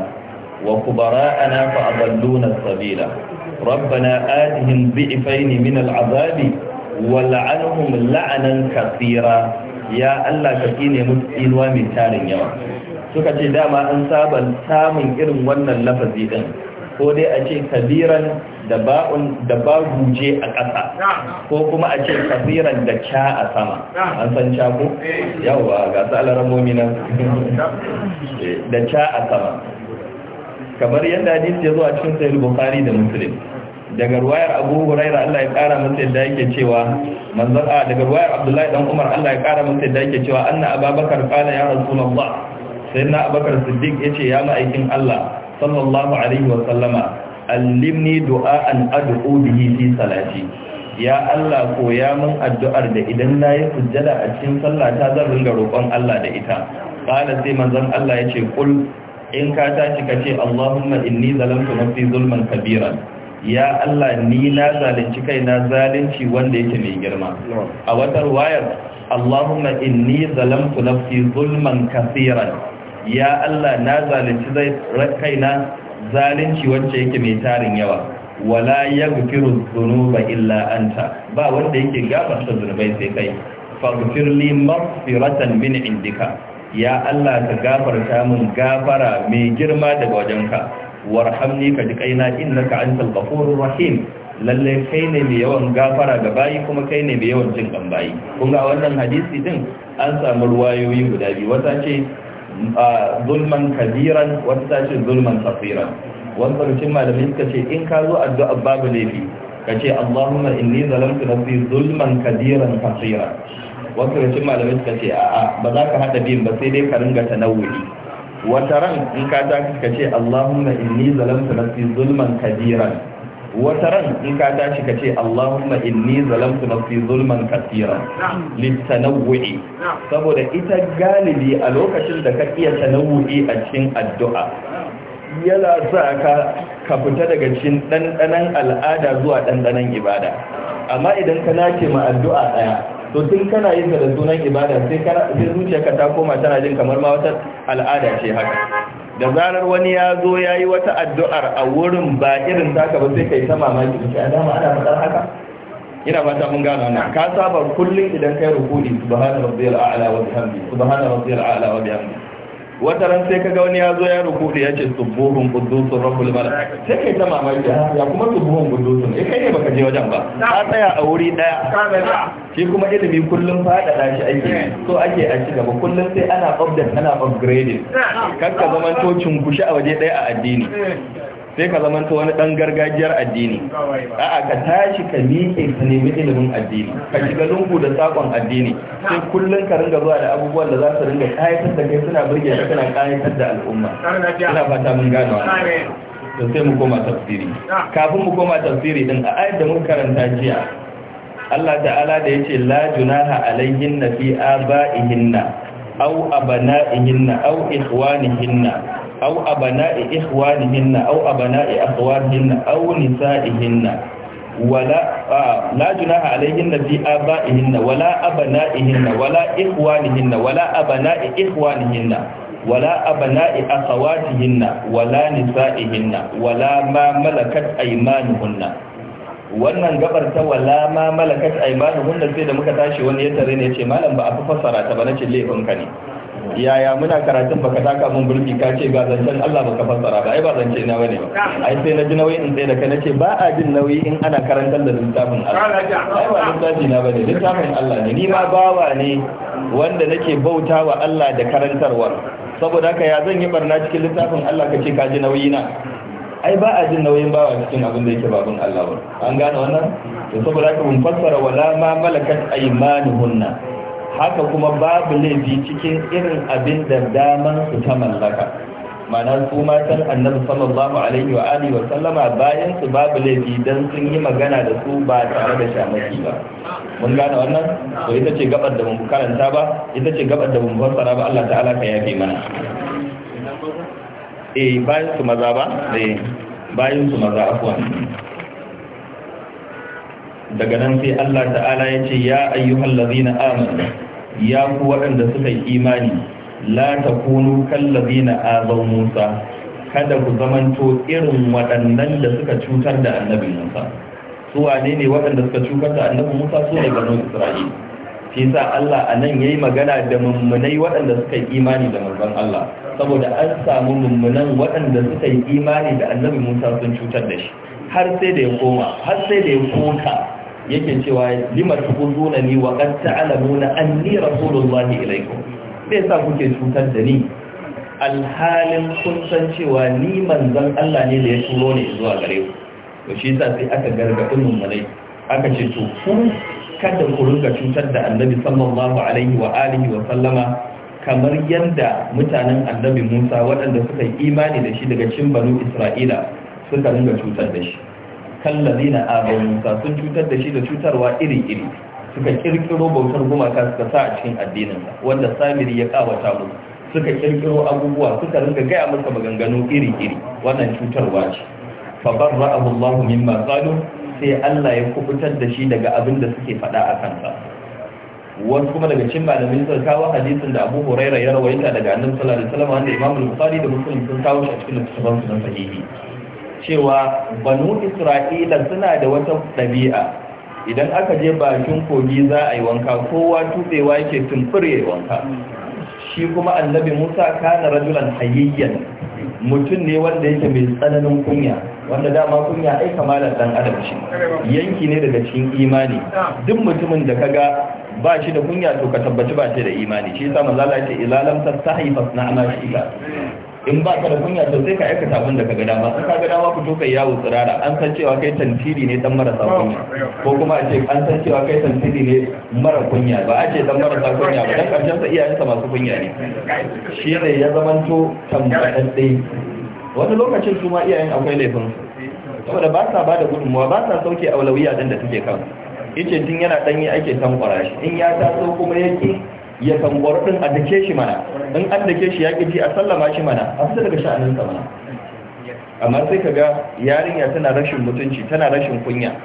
wa kubara'ana fa adalluna sabila rabbana atihim dhi'fayn min al'azabi wal'anhum la'anan kabira ya Allah ka kine musu inuwa mai tarin yawa suka ce dama an saba samun irin wannan lafazi din ko dai a ce kabiran da ba guje a ƙasa ko kuma a ce kabiran da ca a sama an san ca ko? yawa ga tsalar nan *laughs* da ca a sama kamar yadda hadis ya zo a cikin sayar bukari da musulun daga ruwayar abu huraira Allah ya kara masa yadda yake cewa manzon a daga ruwayar abdullahi dan umar Allah ya kara masa yadda yake cewa anna ababakar qala ya rasulullah sayyidina abubakar siddiq yace ya ma'aikin Allah sallallahu alaihi wa sallama allimni du'a'an ad'u bihi fi salati ya Allah koya min addu'ar da idan nayi sujjada a cikin sallata zan ringa roƙon Allah da ita qala sai manzon Allah yace kul in ka tashi ce Allahumma inni zalamtu nafsi zulman kabiran ya Allah ni na zalunci kaina zalunci wanda yake mai girma a watar wayar Allahumma inni zalamtu nafsi zulman kaseeran ya Allah na zalunci zai kaina zalunci wacce yake mai tarin yawa wala yaghfiru dhunuba illa anta ba wanda yake gafarta zunubai sai kai faghfir li maghfiratan min indika ya Allah ka gafarta min gafara mai girma daga wajenka warhamni ka dikaina kaina innaka antal ghafurur rahim lalle kai ne mai yawan gafara ga bayi kuma kai ne mai yawan jin kan bayi kun ga wannan hadisi din an samu ruwayoyi guda biyu wata ce zulman kabiran wata ta ce zulman safiran wani farcin malamai suka ce in ka zo addu'a babu laifi ka ce allahumma inni zalamtu nafsi zulman kabiran safiran wasu farcin malamai suka ce a'a ba za ka haɗa biyun ba sai dai ka ringa tanawuli wata ran in ka ta ka ce allahumma inni zalamtu nafsi zulman kabiran wata ran in ka tashi ka ce Allahumma inni zalamtu nafsi zulman kaseera litanawwi saboda ita galibi a lokacin da ka iya tanawwi a cikin addu'a yana sa ka ka fita daga cikin dandanan al'ada zuwa dandanan ibada amma idan ka nace ma addu'a daya to tun kana yin da sunan ibada sai ka sai zuciyarka ta koma tana jin kamar ma wata al'ada ce haka da zarar wani ya zo ya yi wata addu'ar a wurin ba irin taka ba sai kai ta mamaki da A dama ana faɗar haka ina fata mun gano na ka saba kullum idan kai rukuni subhanallahi wa bihamdihi subhanallahi wa bihamdihi wata ran sai kaga wani ya zo ya rubuta ya ce subuhun qudusun rabbul malak sai kai ta mamaki ya kuma subuhun qudusun eh kai ne baka je wajen ba ka tsaya a wuri daya shi kuma ilimi kullum da shi ake eh. so ake a ci gaba kullum sai ana update ana upgrading kanka zaman to cunkushe a waje daya a addini eh. sai ka zamanta wani ɗan gargajiyar addini a'a ka tashi ka miƙe ka nemi ilimin addini ka shiga lungu da sakon addini sai kullum ka ringa zuwa da abubuwan da za su ringa kayatar da kai suna burge ka suna kayatar da al'umma ina fata mun gane wa? to sai mu koma tafsiri kafin mu koma tafsiri din a ayat da mun karanta jiya Allah ta'ala da yace la junaha alayhin fi aba'ihinna aw abana'ihinna aw ikhwanihinna أو أبناء إخوانهن أو أبناء أخوانهن أو نسائهن ولا آه لا جناح عليهن في آبائهن ولا أبنائهن ولا إخوانهن ولا أبناء إخوانهن ولا أبناء أخواتهن ولا نسائهن ولا ما ملكت أيمانهن wannan gabar ta wala ma malakat aymanuhun sai da muka tashi wani ya tare ne ya ce malam ba a fi fassara ta ba nace laifin ka ne yaya muna karatun baka taka mun burki ka ce ga zancen Allah baka fassara ba ai ba zance na bane ba ai sai na ji nauyi in tsaye da ka nace ba a jin nauyi in ana karantar da littafin Allah ai ba littafi na bane littafin Allah ne ni ma bawa ne wanda nake bauta wa Allah da karantarwa saboda haka ya zan yi barna cikin littafin Allah ka ce ka ji nauyi na ai ba a jin nauyin bawa cikin abin da yake babun Allah ba an gane wannan to saboda haka mun fassara wala ma malakat aymanuhunna haka kuma babu laifi cikin irin abin da daman su ta mallaka mana su matan annabi sallallahu alaihi wa alihi wa sallama bayan su babu laifi dan sun yi magana da su ba tare da shamaki ba mun gane wannan to ita ce gabar da mun karanta ba ita ce gabar da mun fassara ba Allah ta'ala ka yafe mana eh bayan su maza ba eh bayan su maza afwan daga nan sai Allah ta'ala ya ce ya ayyuhal ladina amanu ya ku waɗanda suka yi imani la ta takunu kallazina azaw Musa kada ku zamanto irin waɗannan da suka cutar da annabi Musa su wane ne waɗanda suka cutar da annabi Musa su ne ganin isra'il shi yasa Allah a nan yayi magana da mummunai waɗanda suka yi imani da manzon Allah saboda an samu mummunan waɗanda suka yi imani da annabi Musa sun cutar da shi har sai da ya koma har sai da ya koka yake cewa limar zuna ni wa kan ta'lamuna anni rasulullahi ilaykum sai sa kuke cutar da ni alhalin kun san cewa ni manzon Allah ne da ya turo ni zuwa gare ku to shi yasa sai aka gargaɗi mummunai aka ce to ku kada ku rinka cutar da annabi sallallahu alaihi wa alihi wa sallama kamar yadda mutanen annabi Musa waɗanda suka yi imani da shi daga cin banu Isra'ila suka rinka cutar da shi na amanu ka sun cutar da shi da cutarwa iri-iri suka kirkiro bautar gumaka suka sa a cikin addinin wanda samiri ya kawata mu suka kirkiro abubuwa suka ringa gaya masa maganganu iri-iri wannan cutarwa ce fabar ra'ahu mimma qalu sai Allah ya kubutar da shi daga abin da suke faɗa a kansa wasu kuma daga cikin malamin sun kawo hadisin da Abu Hurairah ya rawaita daga Annabi sallallahu alaihi wasallam wanda Imam Bukhari da Muslim sun kawo shi a cikin littafin sunan sahihi cewa banu isra'ila suna da wata ɗabi'a idan aka je bakin kogi za a yi wanka kowa tubewa yake tumfure wanka shi kuma annabi musa kana rajulan hayayyan mutum ne wanda yake mai tsananin kunya wanda dama kunya ai kamalar dan adam shi yanki ne daga cikin imani duk mutumin da kaga ba shi da kunya to ka tabbaci ba shi da imani shi yasa manzo Allah ya ce ilalam tastahi fasna ma in ba ka da kunya to sai ka aikata abin da ka ga dama in ka ga dama fito kai yawo tsirara an san cewa kai tantiri ne dan marasa kunya ko kuma a ce an san cewa kai tantiri ne mara kunya ba a ce dan marasa kunya ba dan karshen sa iyayensa masu kunya ne shi ne ya zamanto dai wani lokacin su ma iyayen akwai laifin saboda ba sa ba da gudunmuwa ba sa sauke aulawiya din da take kan yace tun yana yi ake tankwara shi in ya taso kuma yake ya tankwara din a dake shi mana in an dake shi ya ƙiji a sallama shi mana a fita daga sha'anin sa mana amma sai ka ga yarinya tana rashin mutunci tana rashin kunya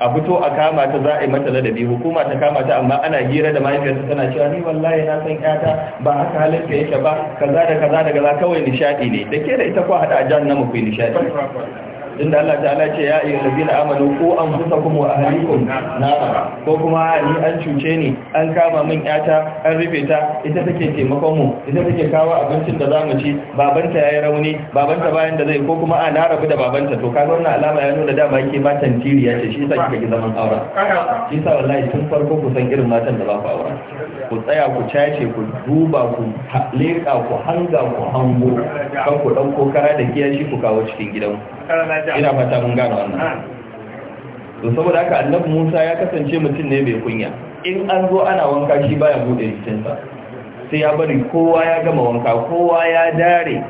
a fito a kama ta za a yi mata ladabi hukuma ta kama ta amma ana hira da mahaifiyarta tana cewa ni wallahi na san ƴata ba haka halitta yake ba kaza da kaza da kaza kawai nishaɗi ne da ke da ita ko hada a jahannama ku nishaɗi. inda Allah ta'ala ce ya ayyuhal ladina amanu ku anfusakum wa ahlikum nara ko kuma ni an cuce ni an kama min yata an rufe ta ita take taimakon mu ita take kawo abincin da zamu ci babanta yayi rauni babanta bayan da zai ko kuma a na rabu da babanta to kaga wannan alama ya nuna dama yake matan tantiri ya ce shi yasa kika ki zaman aura shi yasa wallahi tun farko ku san irin matan da ba ku aura ku tsaya ku cace ku duba ku leka ku hanga ku hango kan ku dauko kara da kiyashi ku kawo cikin gidan ku. ina fata mun gano wannan ah. to saboda haka annabi Musa ya kasance mutum ne mai kunya in an zo ana wanka shi baya bude sa. sai ya bari kowa ya gama wanka kowa ya dare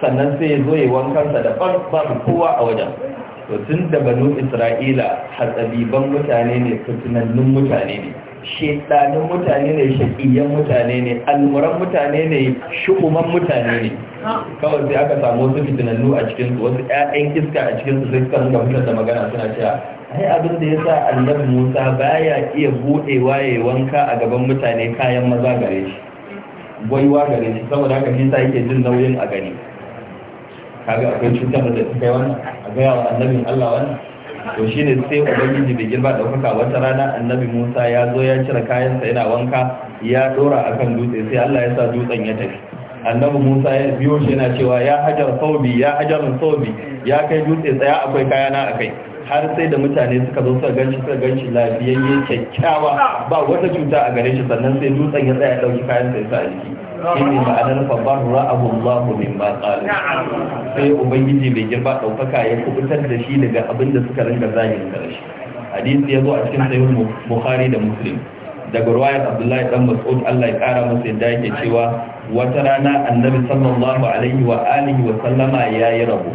sannan sai ya zo ya sa da babu kowa a wajen to tun da banu isra'ila hatsabiban mutane ne fitinannun mutane ne shedanin mutane ne shakiyan mutane ne almuran mutane ne shukuman mutane ne kawai sai aka samu wasu fitinannu a cikinsu wasu 'ya'yan iska a cikinsu sai suka nuna fitar da magana suna cewa ai abin da ya sa annabi musa baya iya buɗe ya wanka a gaban mutane kayan maza gare shi gwaiwa gare shi saboda haka shi sa yake jin nauyin a gani kaga akwai cutar da ta kai wannan a gaya wa annabin allah wannan to shine sai ubangiji bai girma ɗaukaka wata rana annabi musa ya zo ya cire kayansa yana wanka ya ɗora akan dutse sai allah ya sa dutsen ya tafi annabi Musa ya biyo shi yana cewa ya hajar saubi ya hajar saubi ya kai dutse tsaya akwai kayana akai har sai da mutane suka zo suka ganshi suka ganshi lafiyayye kyakkyawa ba wata cuta a gare shi sannan sai dutsen ya tsaya dauki kayan sai sa jiki shine ma'anar fabahu ra'ahu Allah min ma tsarin? sai ubangiji bai girba daukaka ya kubutar da shi daga abinda da suka rinka da karshe hadisi ya zo a cikin sahih Bukhari da Muslim daga ruwayar abdullahi dan mas'ud Allah ya kara masa yadda yake cewa wata rana annabi sallallahu alaihi wa alihi wa sallama ya yi rabo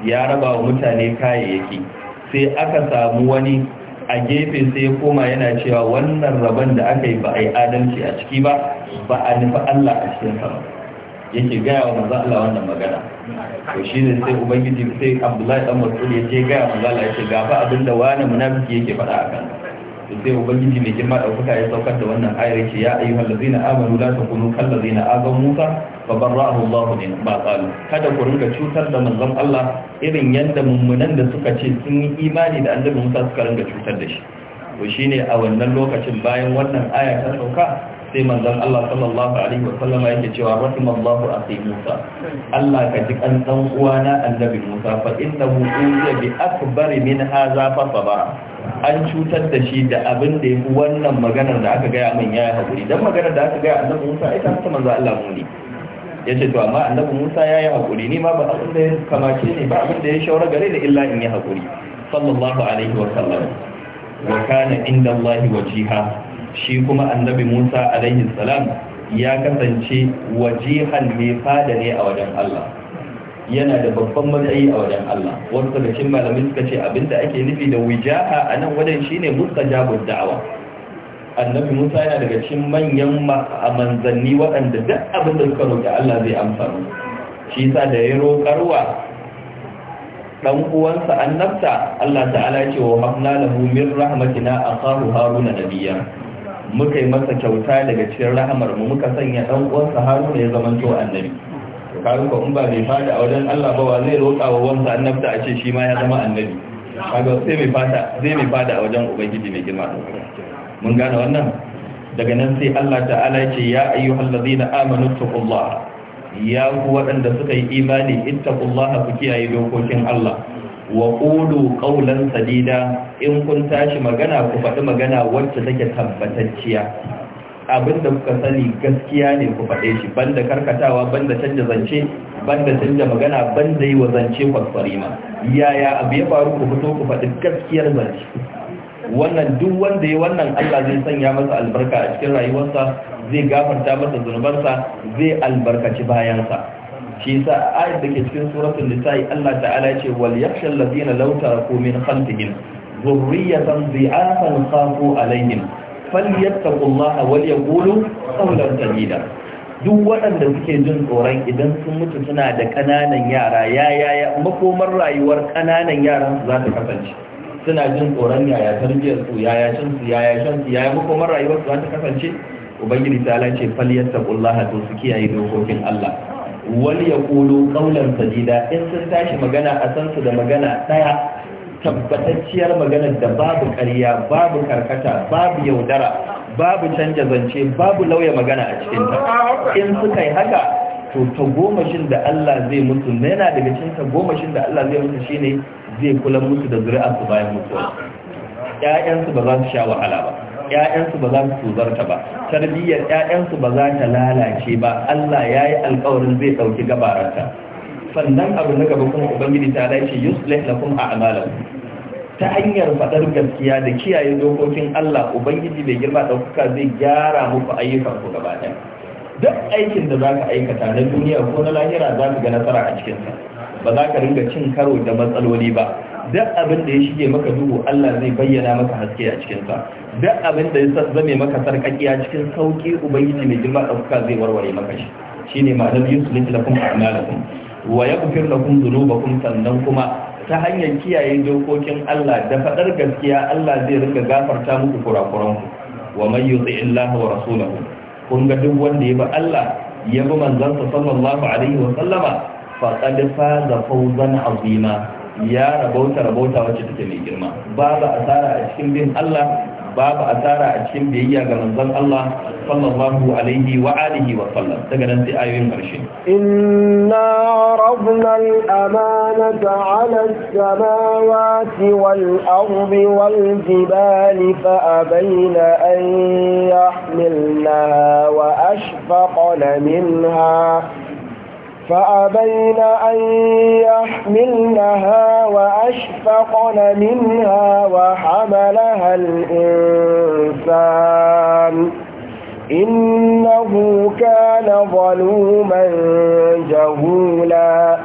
ya raba wa mutane kayayyaki sai aka samu wani a gefe sai ya koma yana cewa wannan rabon da aka yi ba a yi adalci a ciki ba ba a nufi Allah a cikin sama yake gaya wa manzo Allah wannan magana to shi ne sai ubangiji sai Abdullahi dan Mas'ud ya je gaya manzo Allah yake gafa abinda wani munafiki yake faɗa a kansa to sai ubangiji mai girma ɗaukaka ya saukar da wannan ayar ce ya ayyuhal ladzina amanu la takunu kal ladzina azaw musa fa barra'ahu allah min ma kada ku rinka cutar da manzon Allah irin yadda mummunan da suka ce sun yi imani da annabi musa suka rinka cutar da shi to shine a wannan lokacin bayan wannan aya ta sauka sai Manzan Allah sallallahu alaihi wasallam yake cewa rahimallahu akhi Musa Allah ka ji kan dan uwana annabi Musa fa innahu uziya bi akbar min haza fa ba? an cutar da shi da abin da ya fi wannan maganar da aka gaya min ya yi hakuri dan maganar da aka gaya annabi Musa ita ta manza Allah muni. Ya ce to amma annabi Musa ya yi hakuri ni ma ba abin da ya kamace ne ba abin da ya shawara gare da illa in yi hakuri sallallahu alaihi wa wasallam wa kana inda Allah wajiha shi kuma annabi Musa alaihi salam ya kasance wajihan mai fada ne a wajen Allah yana da babban matsayi a wajen Allah wasu daga cikin malamai suka ce abinda ake nufi da wijaha a nan wajen shine mustajabud da'awa annabi Musa yana daga cikin manyan manzanni waɗanda duk abin da suka roƙi Allah zai amsa mu shi yasa da ya roƙarwa dan uwansa annabta Allah ta'ala ya ce wa hamna lahu min rahmatina aqahu haruna nabiyya muka yi masa kyauta daga cikin rahamar mu muka sanya dan uwansa Haruna ya zama to annabi to karin ko in ba mai fada a wajen Allah ba wa zai roƙa wa wansa annabta a ce shi ma ya zama annabi kaga sai mai fada zai mai fada a wajen ubangiji mai girma mun gane wannan daga nan sai Allah ta'ala ya ce ya ayyuhallazina amanu taqullaha ya ku waɗanda suka yi imani ittaqullaha ku kiyaye dokokin Allah wa qulu qawlan sadida in kun tashi magana ku faɗi magana wacce take tabbatacciya abinda kuka sani gaskiya ne ku faɗe shi banda karkatawa banda canja zance banda canja magana banda yi wa zance kwasfarima yaya abu ya faru ku fito ku faɗi gaskiyar zance wannan duk wanda ya wannan Allah zai sanya masa albarka a cikin rayuwarsa zai gafarta masa zunubarsa zai albarkaci bayansa shi yasa ayat da ke cikin suratun nisa'i Allah ta'ala ya ce wal yakhshal ladina law taraku min khalfihim dhurriyatan dhi'afan khafu alaihim falyattaqullaha wal yaqulu qawlan sadida duk waɗanda suke jin tsoron idan sun mutu suna da ƙananan yara ya yaya makomar rayuwar ƙananan yaran su za ta kasance suna jin tsoron yaya tarbiyyar su yaya shan su yaya shan su yaya makomar rayuwar su za ta kasance ubangiji ta lace falyattaqullaha to su kiyaye dokokin Allah wani ya kolo kaulan sadida in sun tashi magana a san su da magana daya tabbatacciyar magana da babu ƙarya babu karkata babu yaudara babu canja zance babu lauya magana a cikin ta in suka yi haka to ta gomashin da Allah zai mutu yana daga cikin ta gomashin da Allah zai mutu shine zai kula mutu da su bayan mutuwa ƴaƴansu ba za su sha wahala ba ‘ya'yansu ba za su tuzarta ba tarbiyyar ‘ya'yansu ba za ta lalace ba Allah ya yi alkawarin zai ɗauki gabaranta sannan abu na gaba kuma ubangiji ta dace yuslih lakum a'malakum ta hanyar faɗar gaskiya da kiyaye dokokin Allah ubangiji bai girma ɗaukaka zai gyara muku ayyukanku gaba ɗaya duk aikin da za ka aikata na duniya ko na lahira za ka ga nasara a cikinsa ba za ka ringa cin karo da matsaloli ba duk abin da ya shige maka duhu Allah zai bayyana maka haske a cikinsa duk abin da ya zame maka sarƙaƙiya cikin sauƙi ubangiji mai girma ɗauka zai warware maka shi shine ma'anar yusulun lakum a'malakum wa yaghfir lakum dhunubakum sannan kuma ta hanyar kiyaye dokokin Allah da faɗar gaskiya Allah zai rinka gafarta muku kurakuranku wa man yuti wa rasulahu kun ga duk wanda ya bi Allah ya bi manzansa sallallahu alaihi wa sallama faqad faza fawzan azima ya rabauta rabauta wacce take mai girma babu asara a cikin bin Allah babu asara a cikin biyayya ga manzon Allah sallallahu alaihi wa alihi wa sallam daga nan sai ayoyin karshe inna rabbana al-amanata 'ala as-samawati wal-ardi wal-jibali fa abayna an yahmilnaha wa ashfaqna minha فأبين أن يحملنها وأشفقن منها وحملها الإنسان إنه كان ظلوما جهولا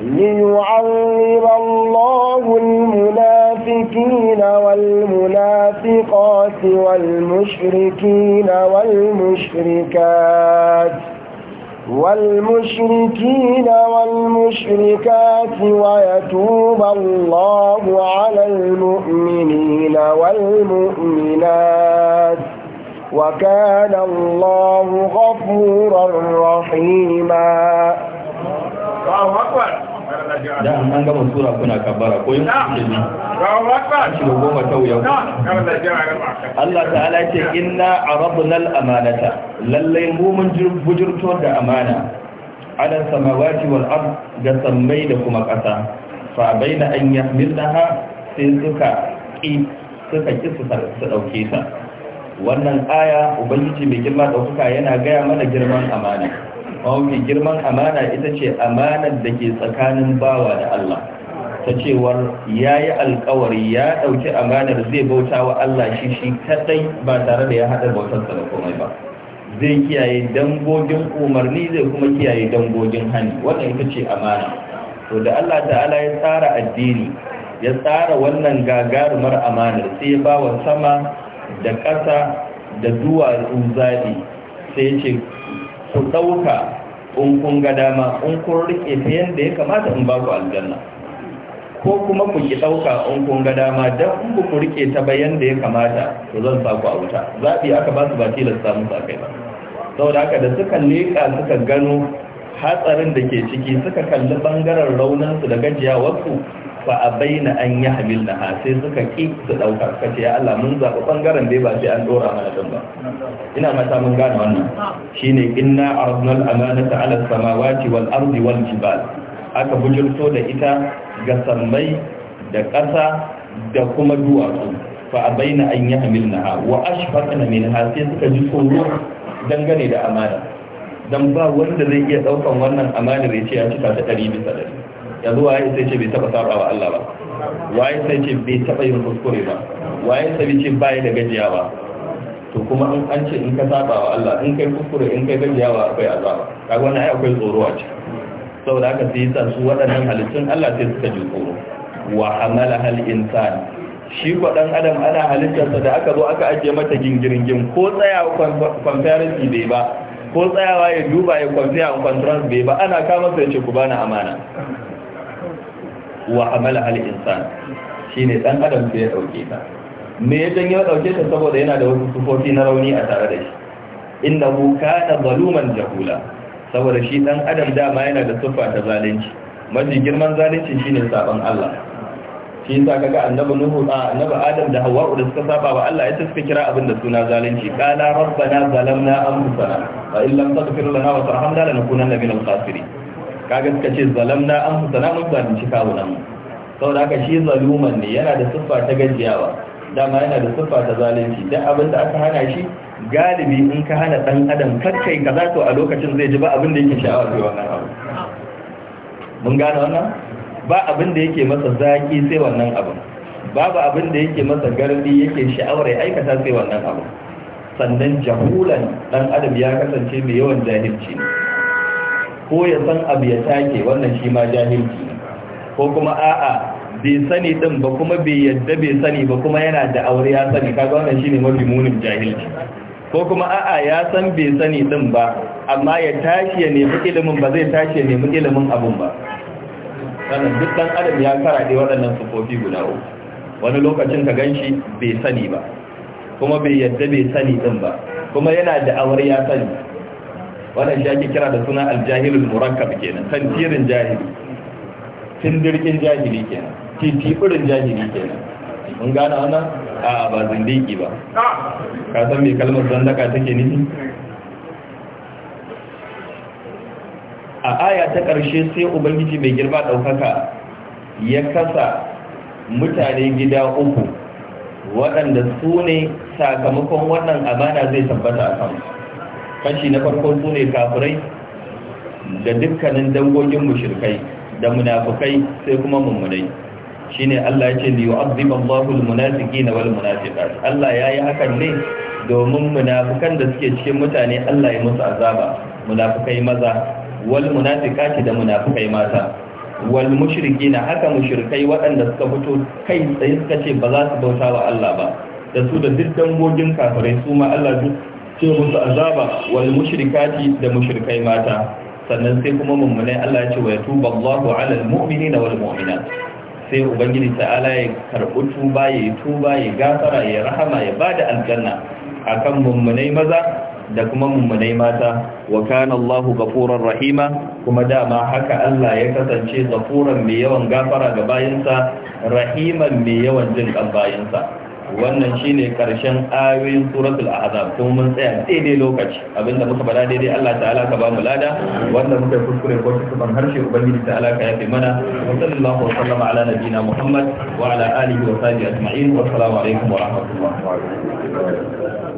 ليعلم الله المنافقين والمنافقات والمشركين والمشركات والمشركين والمشركات ويتوب الله على المؤمنين والمؤمنات وكان الله غفورا رحيما الله أكبر da an gama kuna kabara ko yin shiga goma ta wuya Allah ta'ala ce inna a rabunan amanata lallai mu mun bujurto da amana ana samawati wal ab da sammai da kuma ƙasa. fa na an yi ha sai suka ƙi suka ƙi su ɗauke ta wannan aya ubangiji mai girma ɗaukuka yana gaya mana girman amana kuma girman amana ita ce amanar da ke tsakanin bawa da Allah ta cewar ya yi alkawari ya ɗauki amanar zai bauta wa Allah shi shi kadai ba tare da ya haɗa bautarsa da komai ba zai kiyaye dangogin umarni zai kuma kiyaye dangogin hani wannan ita ce amana to da Allah ta'ala ya tsara addini ya tsara wannan gagarumar amanar sai ya ba wa sama da ƙasa da duwatsu zaɓi sai ya ce ku ɗauka in kun ga dama in kun riƙe ta yadda ya kamata in ba ku aljanna ko kuma ku ki ɗauka in kun ga dama don in ku ku riƙe ta ba yadda ya kamata to zan sa ku a wuta zaɓi aka ba su ba tilasta musu a kai ba saboda haka da suka leƙa suka gano hatsarin da ke ciki suka kalli ɓangaren raunansu da gajiyawarsu fa abaina an yi hamil na ha sai suka ki su ɗaukar kace, ce ya Allah mun zaɓi ɓangaren dai ba sai an ɗora mana don ba ina mata mun gane wannan shine inna arzunal amanata ala samawati wal ardi wal jibal aka bujurto da ita ga sammai da ƙasa da kuma duwatsu fa abaina an yi hamil ha wa ashfaqna min ha sai suka ji tsoro dangane da amana dan ba wanda zai iya ɗaukan wannan amanar ya ce ya cika ta ɗari bisa ɗari yanzu waye sai ce bai taba saba wa Allah ba waye sai ce bai taba yin kuskure ba waye sai ce bai da gajiya ba to kuma in an ce in ka saba wa Allah in kai kuskure in kai gajiya ba akwai azaba kaga wannan ai akwai tsoro a ciki saboda haka sai yasa su waɗannan halittun Allah sai suka ji tsoro wa hamala hal insan shi ko dan adam ana halittarsa da aka zo aka ajiye mata gingiringin ko tsayawa comparison bai ba ko tsayawa ya duba ya kwanciya a contrast bai ba ana kama sai ce ku bani amana wa amala al insan ne ɗan adam ya ɗauke ta me ya janyo ɗauke ta saboda yana da wasu sufofi na rauni a tare da shi innahu kana zaluman jahula saboda shi ɗan adam dama yana da sufa ta zalunci mafi girman zalunci ne saban Allah shi kaga annabi nuhu a annabi adam da hawwa da suka saba wa Allah yace suka kira abin da suna zalunci qala rabbana zalamna anfusana fa in lam taghfir lana wa tarhamna lanakunanna minal khasirin kaga suka ce zalamna an su sana mun zalunci kawunan mu saboda haka shi zaluman ne yana da siffa ta gajiyawa dama yana da siffa ta zalunci duk abin da aka hana shi galibi in ka hana dan adam kakkai kaza to a lokacin zai ji ba abin da yake sha'awa sai wannan abu mun gane wannan ba abin da yake masa zaki sai wannan abin babu abin da yake masa garbi yake sha'awar ya aikata sai wannan abu sannan jahulan dan adam ya kasance mai yawan jahilci ne ko ya san abu ya take wannan shi ma jahilci ko kuma a'a bai sani din ba kuma bai yadda bai sani ba kuma yana da aure ya sani kaga wannan shine mafi munin jahilci ko kuma a'a ya san bai sani din ba amma ya tashi ya nemi ilimin ba zai tashi ya nemi ilimin abun ba Kana duk dan adam ya karaɗe waɗannan sufofi guda uku wani lokacin ka ganshi bai sani ba kuma bai yadda bai sani din ba kuma yana da aure ya sani wannan shi ake kira da suna aljahilul murakkab kenan tantirin jahili tindirkin jahili kenan titibirin jahili kenan mun gane wannan a ba zindiki ba ka san me kalmar zandaka take nufi a aya ta ƙarshe sai ubangiji mai girma ɗaukaka ya kasa mutane gida uku waɗanda su ne sakamakon wannan amana zai tabbata a kansu Fashi na farko su ne kafirai da dukkanin dangogin mushrikai da munafukai sai kuma mummunai shine Allah ya ce li yu'adhib Allahu al-munafiqina wal munafiqat Allah yayi hakan ne domin munafukan da suke cikin mutane Allah ya musu azaba munafukai maza wal munafiqati da munafukai mata wal mushrikina haka mushrikai waɗanda suka fito kai tsaye suka ce ba za su bauta wa Allah ba da su da duk dangogin kafirai su ma Allah duk Sai musu azaba wal mushrikati da mushrikai mata sannan sai kuma mummunai Allah ya ce wa yatuba Allahu alal muminin wal mu'minat sai ubangiji ta'ala ya karɓi tuba ya yi tuba ya gafara ya rahama ya bada aljanna akan mummunai maza da kuma mummunai mata wa kana Allahu rahima kuma dama haka Allah ya kasance ghafuran mai yawan gafara ga bayinsa rahiman mai yawan jin kan bayinsa wannan shi ne karshen ayoyin suratul ahzab kuma mun tsaya daidai lokaci abinda muka bada daidai Allah ta'ala ka ba mu lada wanda muka kuskure ko kuban harshe ubangiji ta'ala ka yafe mana sallallahu alaihi wa sallama ala nabina muhammad wa ala alihi wa sahbihi ajma'in wa assalamu alaikum wa rahmatullahi wa barakatuh